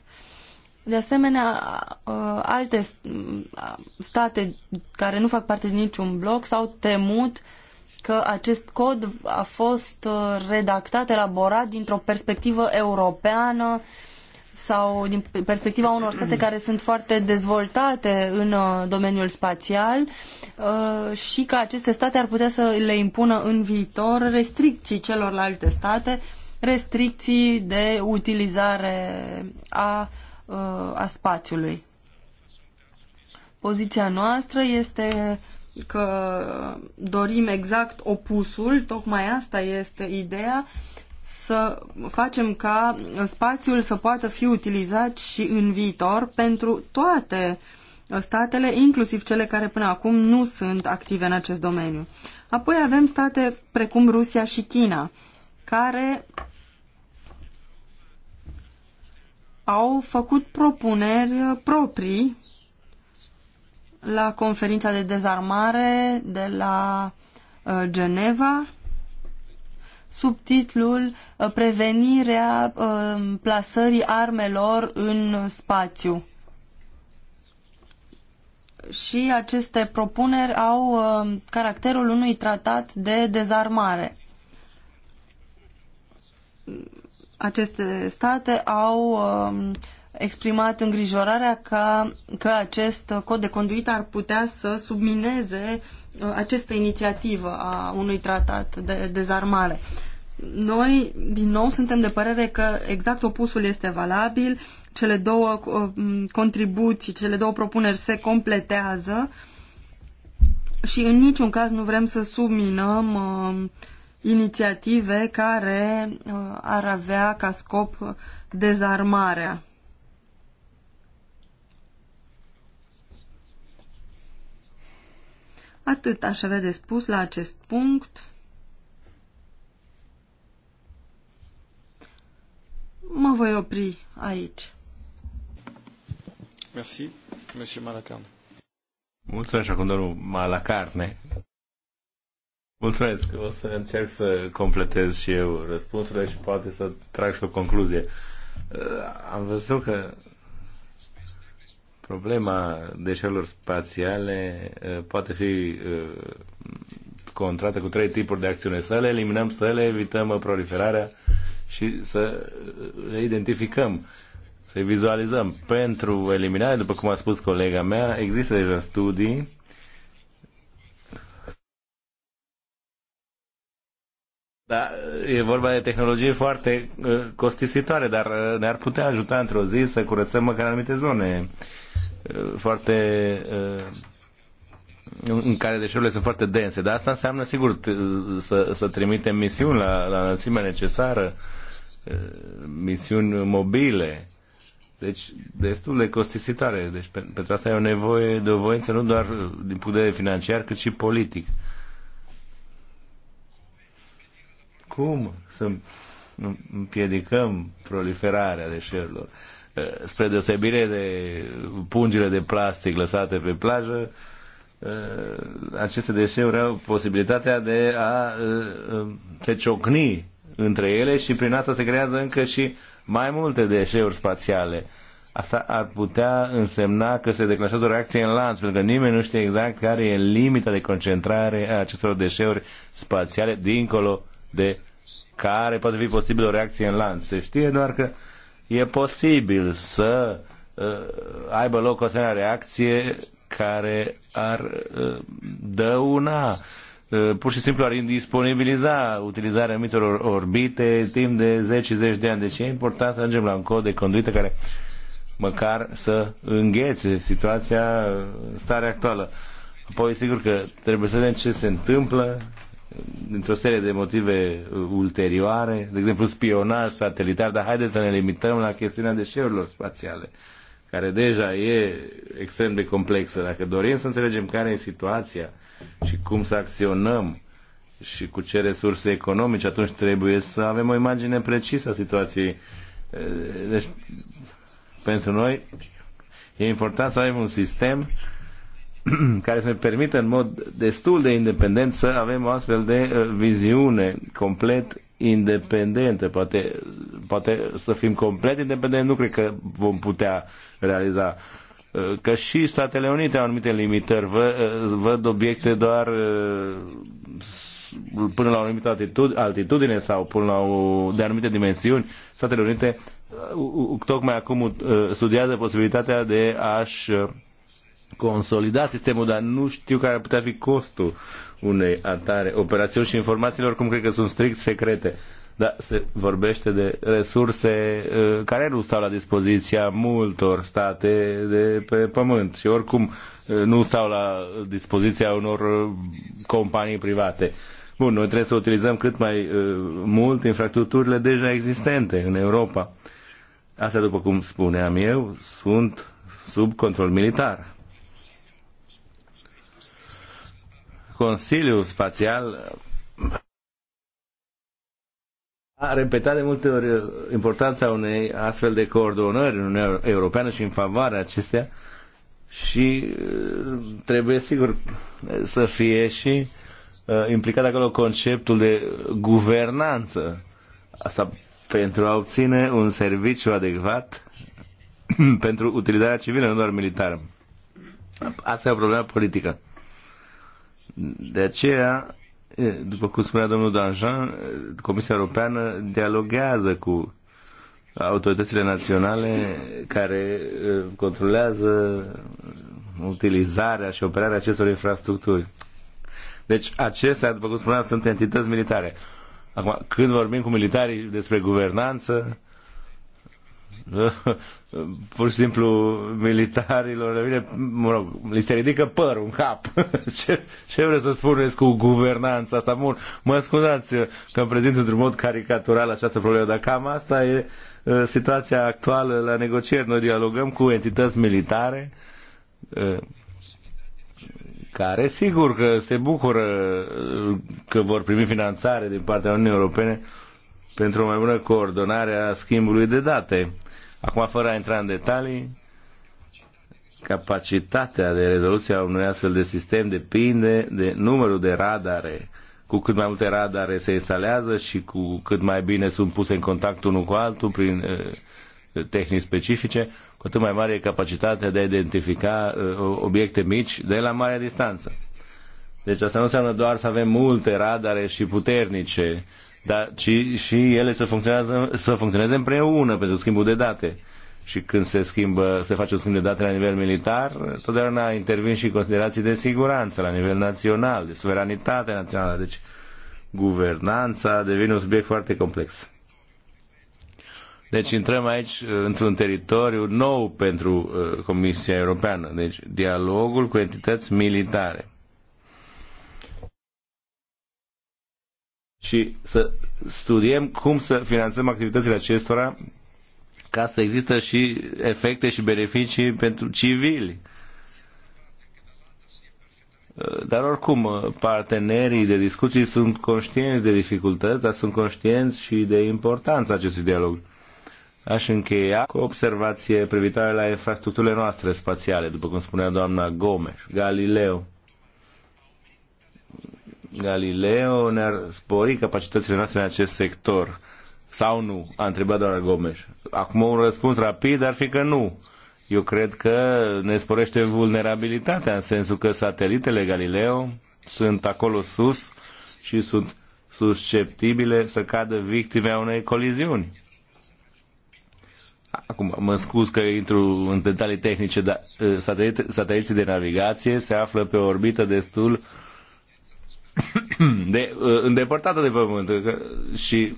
De asemenea, uh, alte uh, state care nu fac parte din niciun bloc s-au temut că acest cod a fost uh, redactat, elaborat dintr-o perspectivă europeană uh, sau din perspectiva unor state care sunt foarte dezvoltate în uh, domeniul spațial uh, și că aceste state ar putea să le impună în viitor restricții celorlalte state, restricții de utilizare a, uh, a spațiului. Poziția noastră este că dorim exact opusul, tocmai asta este ideea, uh, să facem ca spațiul să poată fi utilizat și în viitor pentru toate statele, inclusiv cele care până acum nu sunt active în acest domeniu. Apoi avem state precum Rusia și China, care au făcut propuneri proprii la conferința de dezarmare de la uh, Geneva subtitlul uh, Prevenirea uh, plasării armelor în spațiu. Și aceste propuneri au uh, caracterul unui tratat de dezarmare. Aceste state au um, exprimat îngrijorarea că că acest cod de conduită ar putea să submineze această inițiativă a unui tratat de dezarmare. Noi, din nou, suntem de părere că exact opusul este valabil, cele două uh, contribuții, cele două propuneri se completează și în niciun caz nu vrem să subminăm uh, inițiative care uh, ar avea ca scop dezarmarea. Atât aș avea de spus la acest punct. Mă voi opri aici. Merci, Monsieur Malacan. Mulțumesc, acum domnul Malacarne. Mulțumesc, o să încerc să completez și eu răspunsurile și poate să trag și o concluzie. Uh, am văzut că Problema deșeurilor spațiale uh, poate fi uh, contrată cu trei tipuri de acțiune. Să le eliminăm, să le evităm proliferarea și să uh, le identificăm, să le vizualizăm. Pentru eliminare, după cum a spus colega mea, există deja studii Da, e vorba de tehnologie foarte costisitoare, dar ne-ar putea ajuta într-o zi să curățăm măcar anumite zone Uh, foarte uh, în care deșeurile sunt foarte dense, dar asta înseamnă, sigur, să, să trimitem misiuni la, la înălțimea necesară, uh, misiuni mobile, deci destul de costisitoare. Deci pe, pentru asta e o nevoie de o voință nu doar din punct de vedere financiar, cât și politic. Cum să împiedicăm proliferarea deșeurilor? Eh, spre deosebire de pungile de plastic lăsate pe plajă, eh, aceste deșeuri au posibilitatea de a eh, se ciocni între ele și prin asta se creează încă și mai multe deșeuri spațiale. Asta ar putea însemna că se declanșează o reacție în lanț, pentru că nimeni nu știe exact care e limita de concentrare a acestor deșeuri spațiale dincolo de care poate fi posibil o reacție în lanț. Se știe doar că uh, e posibil să uh, aibă loc o asemenea reacție care ar uh, dăuna uh, pur și simplu ar indisponibiliza utilizarea anumitor orbite timp de 10 și zeci de ani. Deci e important să ajungem la un cod de conduită care măcar să înghețe situația, starea actuală. Apoi, sigur că trebuie să vedem ce se întâmplă dintr-o serie de motive uh, ulterioare, de exemplu spionaj satelitar, dar haideți să ne limităm la chestiunea deșeurilor spațiale, care deja e extrem de complexă. Dacă dorim să înțelegem care e situația și cum să acționăm și cu ce resurse economice, atunci trebuie să avem o imagine precisă a situației. Uh, deci, pentru noi e important să avem un sistem [CLEARS THROAT] care să ne permită în mod destul de independent să avem o astfel de uh, viziune complet independentă. Poate, poate să fim complet independenți, nu cred că vom putea realiza uh, că și Statele Unite au anumite limitări, vă, uh, văd obiecte doar până la o anumită altitudine sau până la o, de anumite dimensiuni. Statele Unite tocmai acum studiază posibilitatea de a-și consolida sistemul, dar nu știu care ar putea fi costul unei atare operațiuni și informațiile oricum cred că sunt strict secrete. Dar se vorbește de resurse uh, care nu stau la dispoziția multor state de pe pământ și oricum uh, nu stau la dispoziția unor uh, companii private. Bun, noi trebuie să utilizăm cât mai mult infrastructurile deja existente în Europa. Asta, după cum spuneam eu, sunt sub control militar. Consiliul Spațial a repetat de multe ori importanța unei astfel de coordonări în Uniunea Europeană și în favoarea acestea și uh, trebuie sigur uh, să fie și uh, implicat acolo conceptul de guvernanță. Asta pentru a obține un serviciu adecvat [CLEARS THROAT] pentru utilizarea civilă, nu doar militară. Asta e o problemă politică. De aceea, după cum spunea domnul Danjean, Comisia Europeană dialoguează cu autoritățile naționale care controlează utilizarea și operarea acestor infrastructuri. Deci acestea, după cum spuneam, sunt entități militare. Acum, când vorbim cu militarii despre guvernanță, [LAUGHS] pur și simplu militarilor le vine, mă rog, li se ridică părul în cap. [LAUGHS] Ce, ce vreți să spuneți cu guvernanța asta? Bun, mă scuzați că îmi prezint într-un mod caricatural această problemă, dar cam asta e uh, situația actuală la negocieri. Noi dialogăm cu entități militare uh, care sigur că se bucură uh, că vor primi finanțare din partea Uniunii Europene pentru o mai bună coordonare a schimbului de date Acum, fără a intra în detalii, capacitatea de rezoluție a unui astfel de sistem depinde de numărul de radare. Cu cât mai multe radare se instalează și cu cât mai bine sunt puse în contact unul cu altul prin uh, tehnici specifice, cu atât mai mare e capacitatea de a identifica uh, obiecte mici de la mare distanță. Deci asta nu înseamnă doar să avem multe radare și puternice, dar ci, și ele să, funcționează, să funcționeze împreună pentru schimbul de date. Și când se schimbă, se face un schimb de date la nivel militar, totdeauna intervin și considerații de siguranță la nivel național, de suveranitate națională. Deci, guvernanța devine un subiect foarte complex. Deci intrăm aici într-un teritoriu nou pentru uh, Comisia Europeană, deci dialogul cu entități militare. și să studiem cum să finanțăm activitățile acestora ca să există și efecte și beneficii pentru civili. Dar oricum, partenerii de discuții sunt conștienți de dificultăți, dar sunt conștienți și de importanța acestui dialog. Aș încheia cu observație privitoare la infrastructurile noastre spațiale, după cum spunea doamna Gomes, Galileo. Galileo ne-ar spori capacitățile noastre în acest sector? Sau nu? A întrebat doar Gomes. Acum un răspuns rapid ar fi că nu. Eu cred că ne sporește vulnerabilitatea în sensul că satelitele Galileo sunt acolo sus și sunt susceptibile să cadă victime a unei coliziuni. Acum, mă scuz că intru în detalii tehnice, dar ă, sateliții de navigație se află pe o orbită destul [COUGHS] de, uh, îndepărtată de pământ și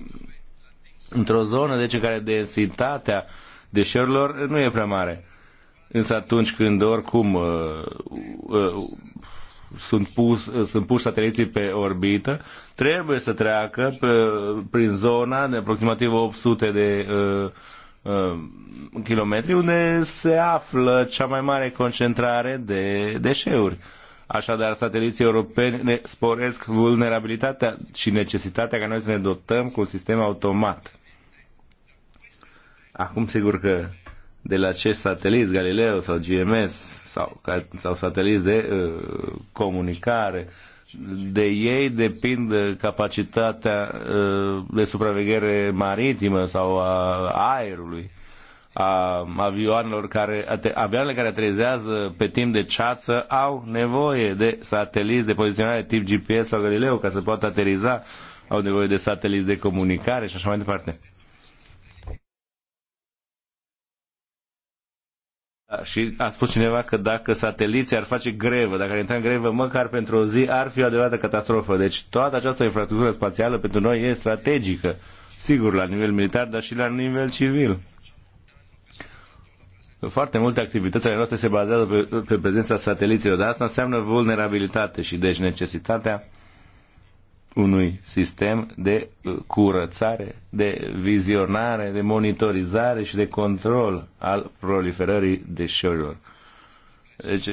într-o zonă deci în care densitatea deșeurilor nu e prea mare. Însă atunci când oricum uh, uh, sunt, pus, uh, sunt puși sateliții pe orbită, trebuie să treacă pe, prin zona de aproximativ 800 de uh, uh, kilometri unde se află cea mai mare concentrare de deșeuri. Uh, Așadar, sateliții europeni ne sporesc vulnerabilitatea și necesitatea ca noi să ne dotăm cu un sistem automat. Acum, sigur că de la acest sateliți, Galileo sau GMS sau, sau sateliți de uh, comunicare, de ei depind capacitatea uh, de supraveghere maritimă sau a aerului a avioanelor care, avioanele care aterizează pe timp de ceață au nevoie de sateliți de poziționare tip GPS sau Galileo ca să poată ateriza, au nevoie de sateliți de comunicare și așa mai departe. Da, și a spus cineva că dacă sateliții ar face grevă, dacă ar intra în grevă măcar pentru o zi, ar fi o adevărată catastrofă. Deci toată această infrastructură spațială pentru noi e strategică. Sigur, la nivel militar, dar și la nivel civil foarte multe activități ale noastre se bazează pe, pe prezența sateliților, dar asta înseamnă vulnerabilitate și deci necesitatea unui sistem de uh, curățare, de vizionare, de monitorizare și de control al proliferării deșeurilor. Deci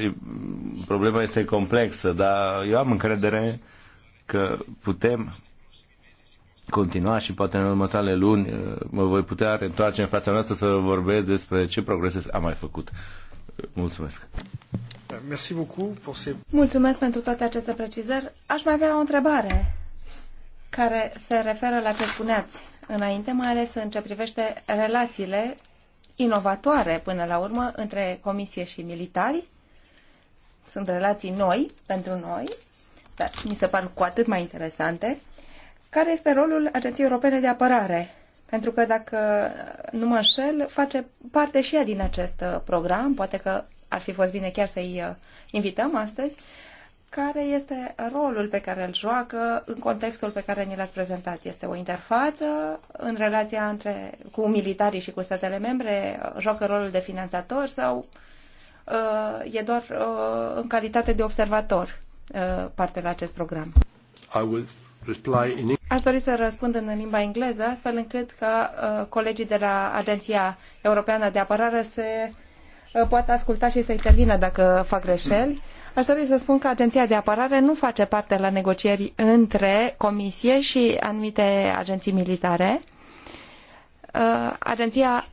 problema este complexă, dar eu am încredere că putem continua și poate în următoarele luni uh, mă voi putea întoarce în fața noastră să vorbesc despre ce progrese am mai făcut. Mulțumesc! Mulțumesc pentru toate aceste precizări. Aș mai avea o întrebare care se referă la ce spuneați înainte, mai ales în ce privește relațiile inovatoare până la urmă între comisie și militari. Sunt relații noi pentru noi, dar mi se par cu atât mai interesante. Care este rolul Agenției Europene de Apărare? Pentru că, dacă nu mă înșel, face parte și ea din acest uh, program, poate că ar fi fost bine chiar să-i uh, invităm astăzi, care este rolul pe care îl joacă în contextul pe care ni l-ați prezentat? Este o interfață în relația între, cu militarii și cu statele membre? Joacă rolul de finanțator sau uh, e doar uh, în calitate de observator uh, parte la acest program? I will Aș dori să răspund în limba engleză, astfel încât ca uh, colegii de la Agenția Europeană de Apărare să uh, poată asculta și să intervină dacă fac greșeli. Aș dori să spun că Agenția de Apărare nu face parte la negocieri între Comisie și anumite agenții militare. Uh, agenția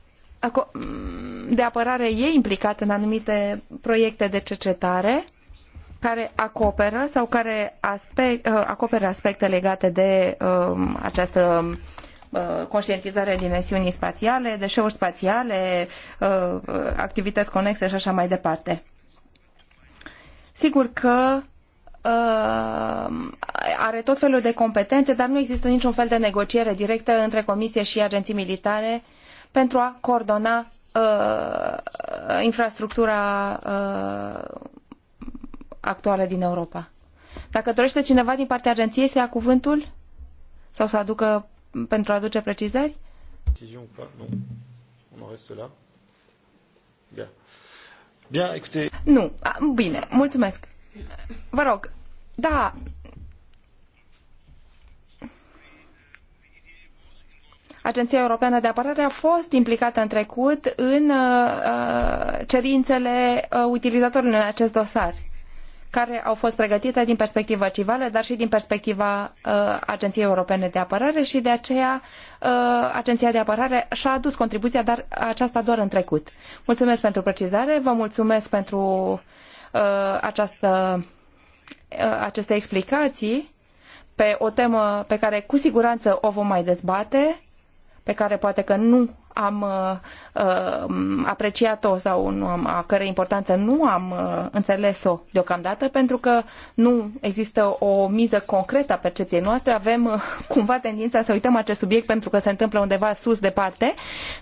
uh, mm, de apărare e implicată în anumite proiecte de cercetare care acoperă sau care aspect, uh, acoperă aspecte legate de um, această uh, conștientizare dimensiunii spațiale, deșeuri spațiale, uh, activități conexe și așa mai departe. Sigur că are tot felul de competențe, dar nu există niciun fel de negociere directă între comisie și agenții militare pentru a coordona infrastructura actuală din Europa. Dacă dorește cineva din partea agenției să ia cuvântul sau să aducă pentru a aduce precizări? Nu, bine, mulțumesc. Vă rog, da, Agenția Europeană de Apărare a fost implicată în trecut în uh, uh cerințele uh, utilizatorilor în acest dosar care au fost pregătite din perspectiva civilă, dar și din perspectiva uh, Agenției Europene de Apărare și de aceea uh, Agenția de Apărare și-a adus contribuția, dar aceasta doar în trecut. Mulțumesc pentru precizare, vă mulțumesc pentru uh, această, uh, aceste explicații pe o temă pe care cu siguranță o vom mai dezbate pe care poate că nu am uh, uh, apreciat-o sau nu am, a cărei importanță nu am uh, înțeles-o deocamdată, pentru că nu există o miză concretă a percepției noastre. Avem uh, cumva tendința să uităm acest subiect pentru că se întâmplă undeva sus departe,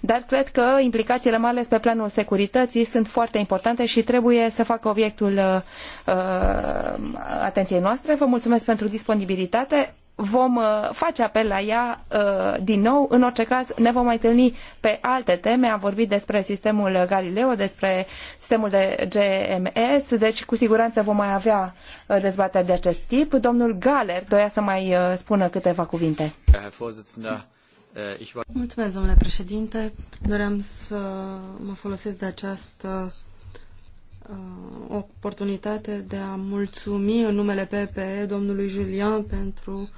dar cred că implicațiile, mai ales pe planul securității, sunt foarte importante și trebuie să facă obiectul uh, uh atenției noastre. Vă mulțumesc pentru disponibilitate vom uh, face apel la ea uh, din nou. În orice caz, ne vom mai întâlni pe alte teme. Am vorbit despre sistemul Galileo, despre sistemul de GMS, deci cu siguranță vom mai avea uh, dezbateri de acest tip. Domnul Galer doia să mai spună câteva cuvinte. Mulțumesc, domnule președinte. Doream să mă folosesc de această oportunitate de a mulțumi în numele PPE domnului Julian pentru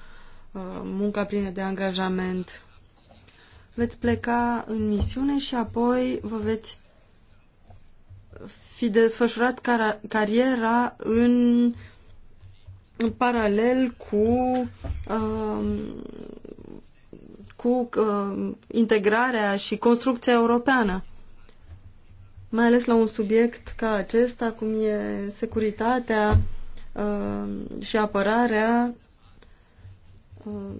munca plină de angajament. Veți pleca în misiune și apoi vă veți fi desfășurat car cariera în, în paralel cu uh, cu uh, integrarea și construcția europeană. Mai ales la un subiect ca acesta, cum e securitatea uh, și apărarea, Um,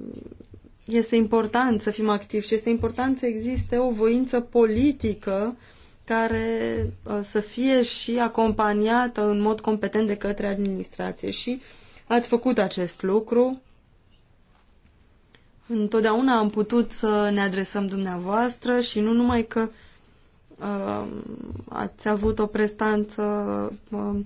este important să fim activi și este important să existe o voință politică care uh, să fie și acompaniată în mod competent de către administrație. Și ați făcut acest lucru. Întotdeauna am putut să ne adresăm dumneavoastră și nu numai că uh, ați avut o prestanță uh,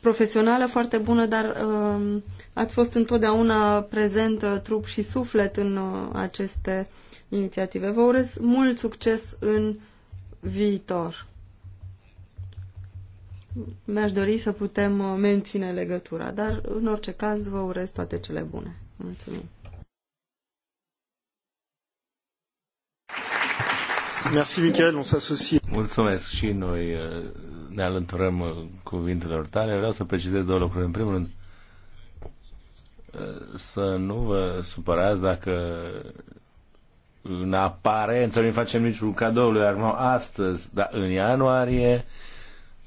profesională foarte bună, dar um, ați fost întotdeauna prezent uh, trup și suflet în uh, aceste inițiative. Vă urez mult succes în viitor. Mi-aș dori să putem uh, menține legătura, dar în orice caz vă urez toate cele bune. Mulțumim! Merci, Michael, on s'associe. Mulțumesc și noi ne alăturăm uh, cuvintelor tale. Vreau să precizez două lucruri. În primul rând, uh, să nu vă supărați dacă în aparență nu facem niciun cadou lui Armand astăzi, dar în ianuarie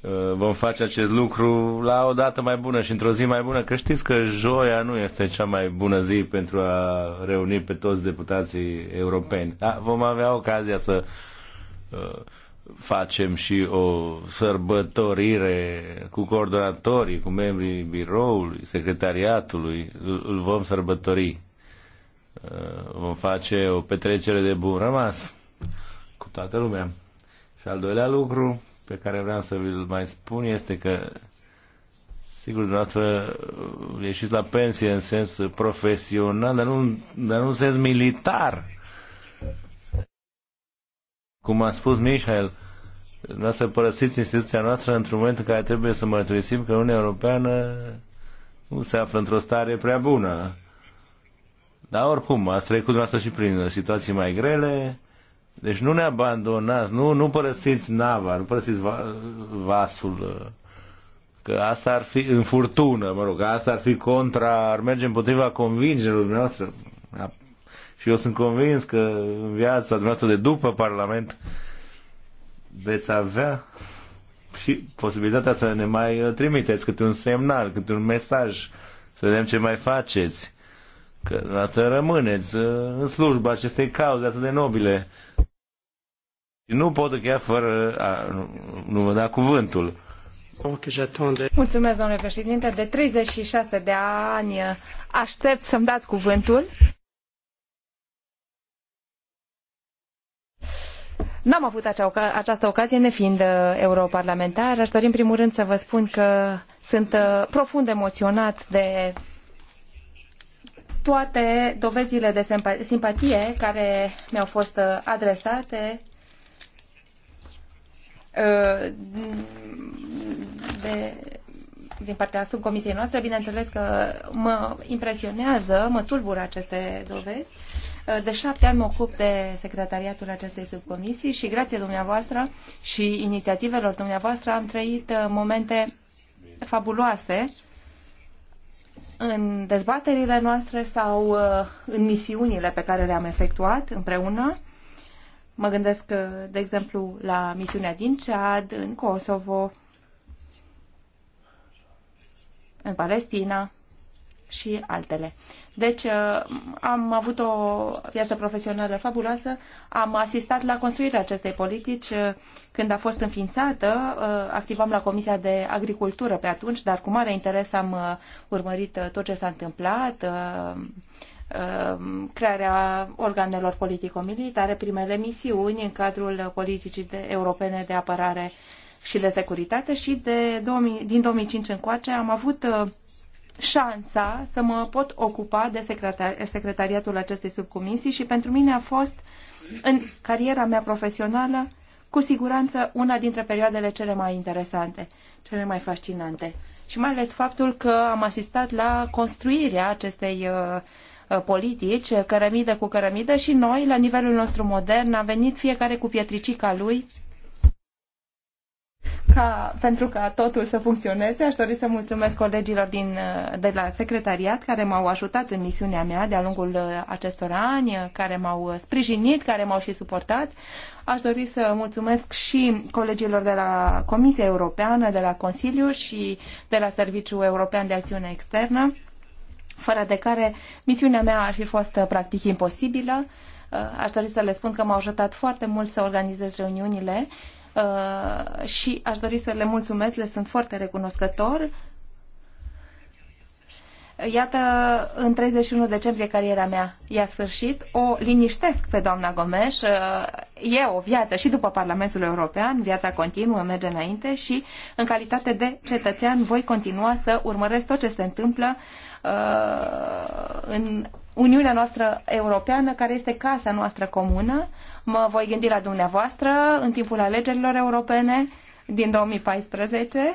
uh, vom face acest lucru la o dată mai bună și într-o zi mai bună, că știți că joia nu este cea mai bună zi pentru a reuni pe toți deputații europeni. Da, vom avea ocazia să facem și o sărbătorire cu coordonatorii, cu membrii biroului, secretariatului, îl vom sărbători. Uh, vom face o petrecere de bun rămas cu toată lumea. Și al doilea lucru pe care vreau să vi-l mai spun este că Sigur, dumneavoastră uh, ieșiți la pensie în sens profesional, dar nu, dar nu în sens militar. Cum a spus Michael, noi să părăsiți instituția noastră într-un moment în care trebuie să mărturisim că Uniunea Europeană nu se află într-o stare prea bună. Dar oricum, ați trecut noastră și prin situații mai grele, deci nu ne abandonați, nu, nu părăsiți nava, nu părăsiți va, vasul. Că asta ar fi în furtună, mă rog, asta ar fi contra, ar merge împotriva convingerilor noastre. Și eu sunt convins că în viața dumneavoastră de după Parlament veți avea și posibilitatea să ne mai uh, trimiteți câte un semnal, câte un mesaj, să vedem ce mai faceți. Că dumneavoastră rămâneți uh, în slujba acestei cauze atât de nobile. Nu pot chiar fără a nu vă da cuvântul. Mulțumesc, domnule președinte. De 36 de ani aștept să-mi dați cuvântul. N-am avut această ocazie, nefiind uh, europarlamentar. Aș dori în primul rând să vă spun că sunt uh, profund emoționat de toate dovezile de simpatie care mi-au fost uh, adresate de, din partea subcomisiei noastre. Bineînțeles că mă impresionează, mă tulbură aceste dovezi. Eh, de șapte ani mă ocup de secretariatul acestei subcomisii și grație dumneavoastră și inițiativelor dumneavoastră am trăit eh, momente fabuloase în dezbaterile noastre sau eh, în misiunile pe care le-am efectuat împreună. Mă gândesc, de exemplu, la misiunea din Chad, în Kosovo, în Palestina și altele. Deci uh, am avut o viață profesională fabuloasă, am asistat la construirea acestei politici uh, când a fost înființată, uh, activam la Comisia de Agricultură pe atunci, dar cu mare interes am urmărit tot ce s-a întâmplat, crearea organelor politico-militare, primele misiuni în cadrul politicii de, europene de apărare și de securitate și de 2000, din 2005 încoace am avut șansa să mă pot ocupa de secretari secretariatul acestei subcomisii și pentru mine a fost, în cariera mea profesională, cu siguranță una dintre perioadele cele mai interesante, cele mai fascinante. Și mai ales faptul că am asistat la construirea acestei uh, uh politici, cărămidă cu cărămidă și noi, la nivelul nostru modern, am venit fiecare cu pietricica lui ca, pentru ca totul să funcționeze, aș dori să mulțumesc colegilor din, de la secretariat care m-au ajutat în misiunea mea de-a lungul uh, acestor ani, care m-au uh, sprijinit, care m-au și suportat. Aș dori să mulțumesc și colegilor de la Comisia Europeană, de la Consiliu și de la Serviciul European de Acțiune Externă, fără de care misiunea mea ar fi fost uh, practic imposibilă. Aș dori să le spun că m-au ajutat foarte mult să organizez reuniunile Uh, și aș dori să le mulțumesc, le sunt foarte recunoscător Iată, în 31 decembrie cariera mea i-a sfârșit. O liniștesc pe doamna Gomes. E o viață și după Parlamentul European, viața continuă, merge înainte și în calitate de cetățean voi continua să urmăresc tot ce se întâmplă uh, în Uniunea noastră europeană, care este casa noastră comună. Mă voi gândi la dumneavoastră în timpul alegerilor europene din 2014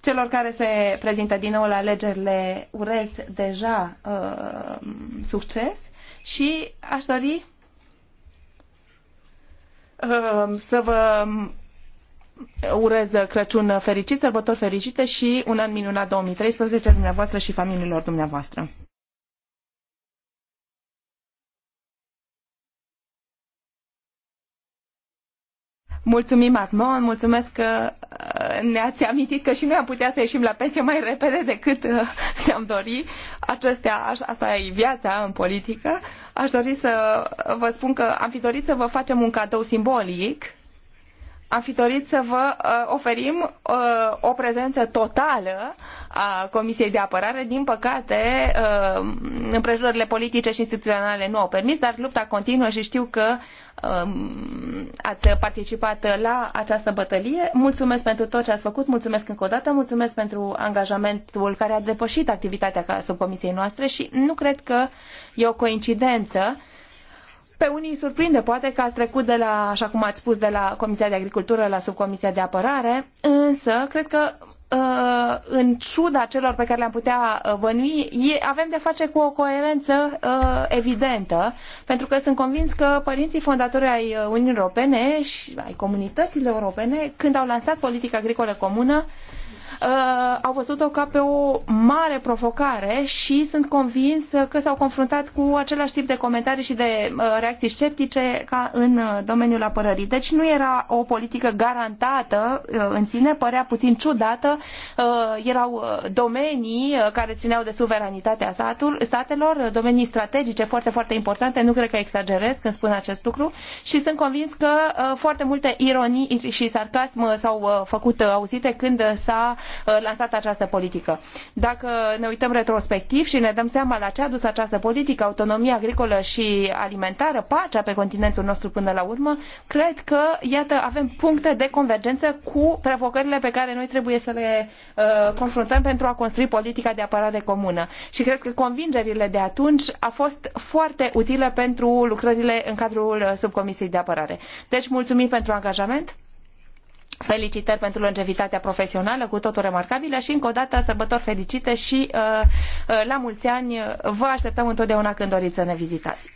Celor care se prezintă din nou la alegerile urez deja uh, succes și aș dori uh, să vă urez Crăciun fericit, sărbători fericite și un an minunat 2013 dumneavoastră și familiilor dumneavoastră. Mulțumim, Armand, mulțumesc că uh, ne-ați amintit că și noi am putea să ieșim la pensie mai repede decât uh, [LAUGHS] ne-am dori. Acestea, asta e viața în politică. Aș dori să vă spun că am fi dorit să vă facem un cadou simbolic am fi dorit să vă uh, oferim uh, o prezență totală a Comisiei de Apărare. Din păcate, uh, împrejurările politice și instituționale nu au permis, dar lupta continuă și știu că uh, ați participat la această bătălie. Mulțumesc pentru tot ce ați făcut, mulțumesc încă o dată, mulțumesc pentru angajamentul care a depășit activitatea subcomisiei noastre și nu cred că e o coincidență uh, pe unii surprinde poate că ați trecut de la, așa cum ați spus, de la Comisia de Agricultură la Subcomisia de Apărare, însă cred că uh, în ciuda celor pe care le-am putea bănui, uh, avem de face cu o coerență uh, evidentă, pentru că sunt convins că părinții fondatori ai Uniunii Europene și ai comunităților europene, când au lansat politica agricolă comună, uh, au văzut-o ca pe o mare provocare și sunt convins că s-au confruntat cu același tip de comentarii și de uh, reacții sceptice ca în uh, domeniul apărării. Deci nu era o politică garantată uh, în sine, părea puțin ciudată, uh, erau uh, domenii uh, care țineau de suveranitatea statul, statelor, domenii strategice foarte, foarte importante, nu cred că exagerez când spun acest lucru și sunt convins că uh, foarte multe ironii și sarcasm s-au făcut auzite când s-a Uh, lansat această politică. Dacă ne uităm retrospectiv și ne dăm seama la ce a dus această politică, autonomia agricolă și alimentară, pacea pe continentul nostru până la urmă, cred că, iată, avem puncte de convergență cu provocările pe care noi trebuie să le uh, confruntăm pentru a construi politica de apărare comună. Și cred că convingerile de atunci a fost foarte utile pentru lucrările în cadrul uh, subcomisiei de apărare. Deci, mulțumim pentru angajament Felicitări pentru longevitatea profesională, cu totul remarcabilă și încă o dată sărbători fericite și uh, uh la mulți ani vă așteptăm întotdeauna când doriți să ne vizitați.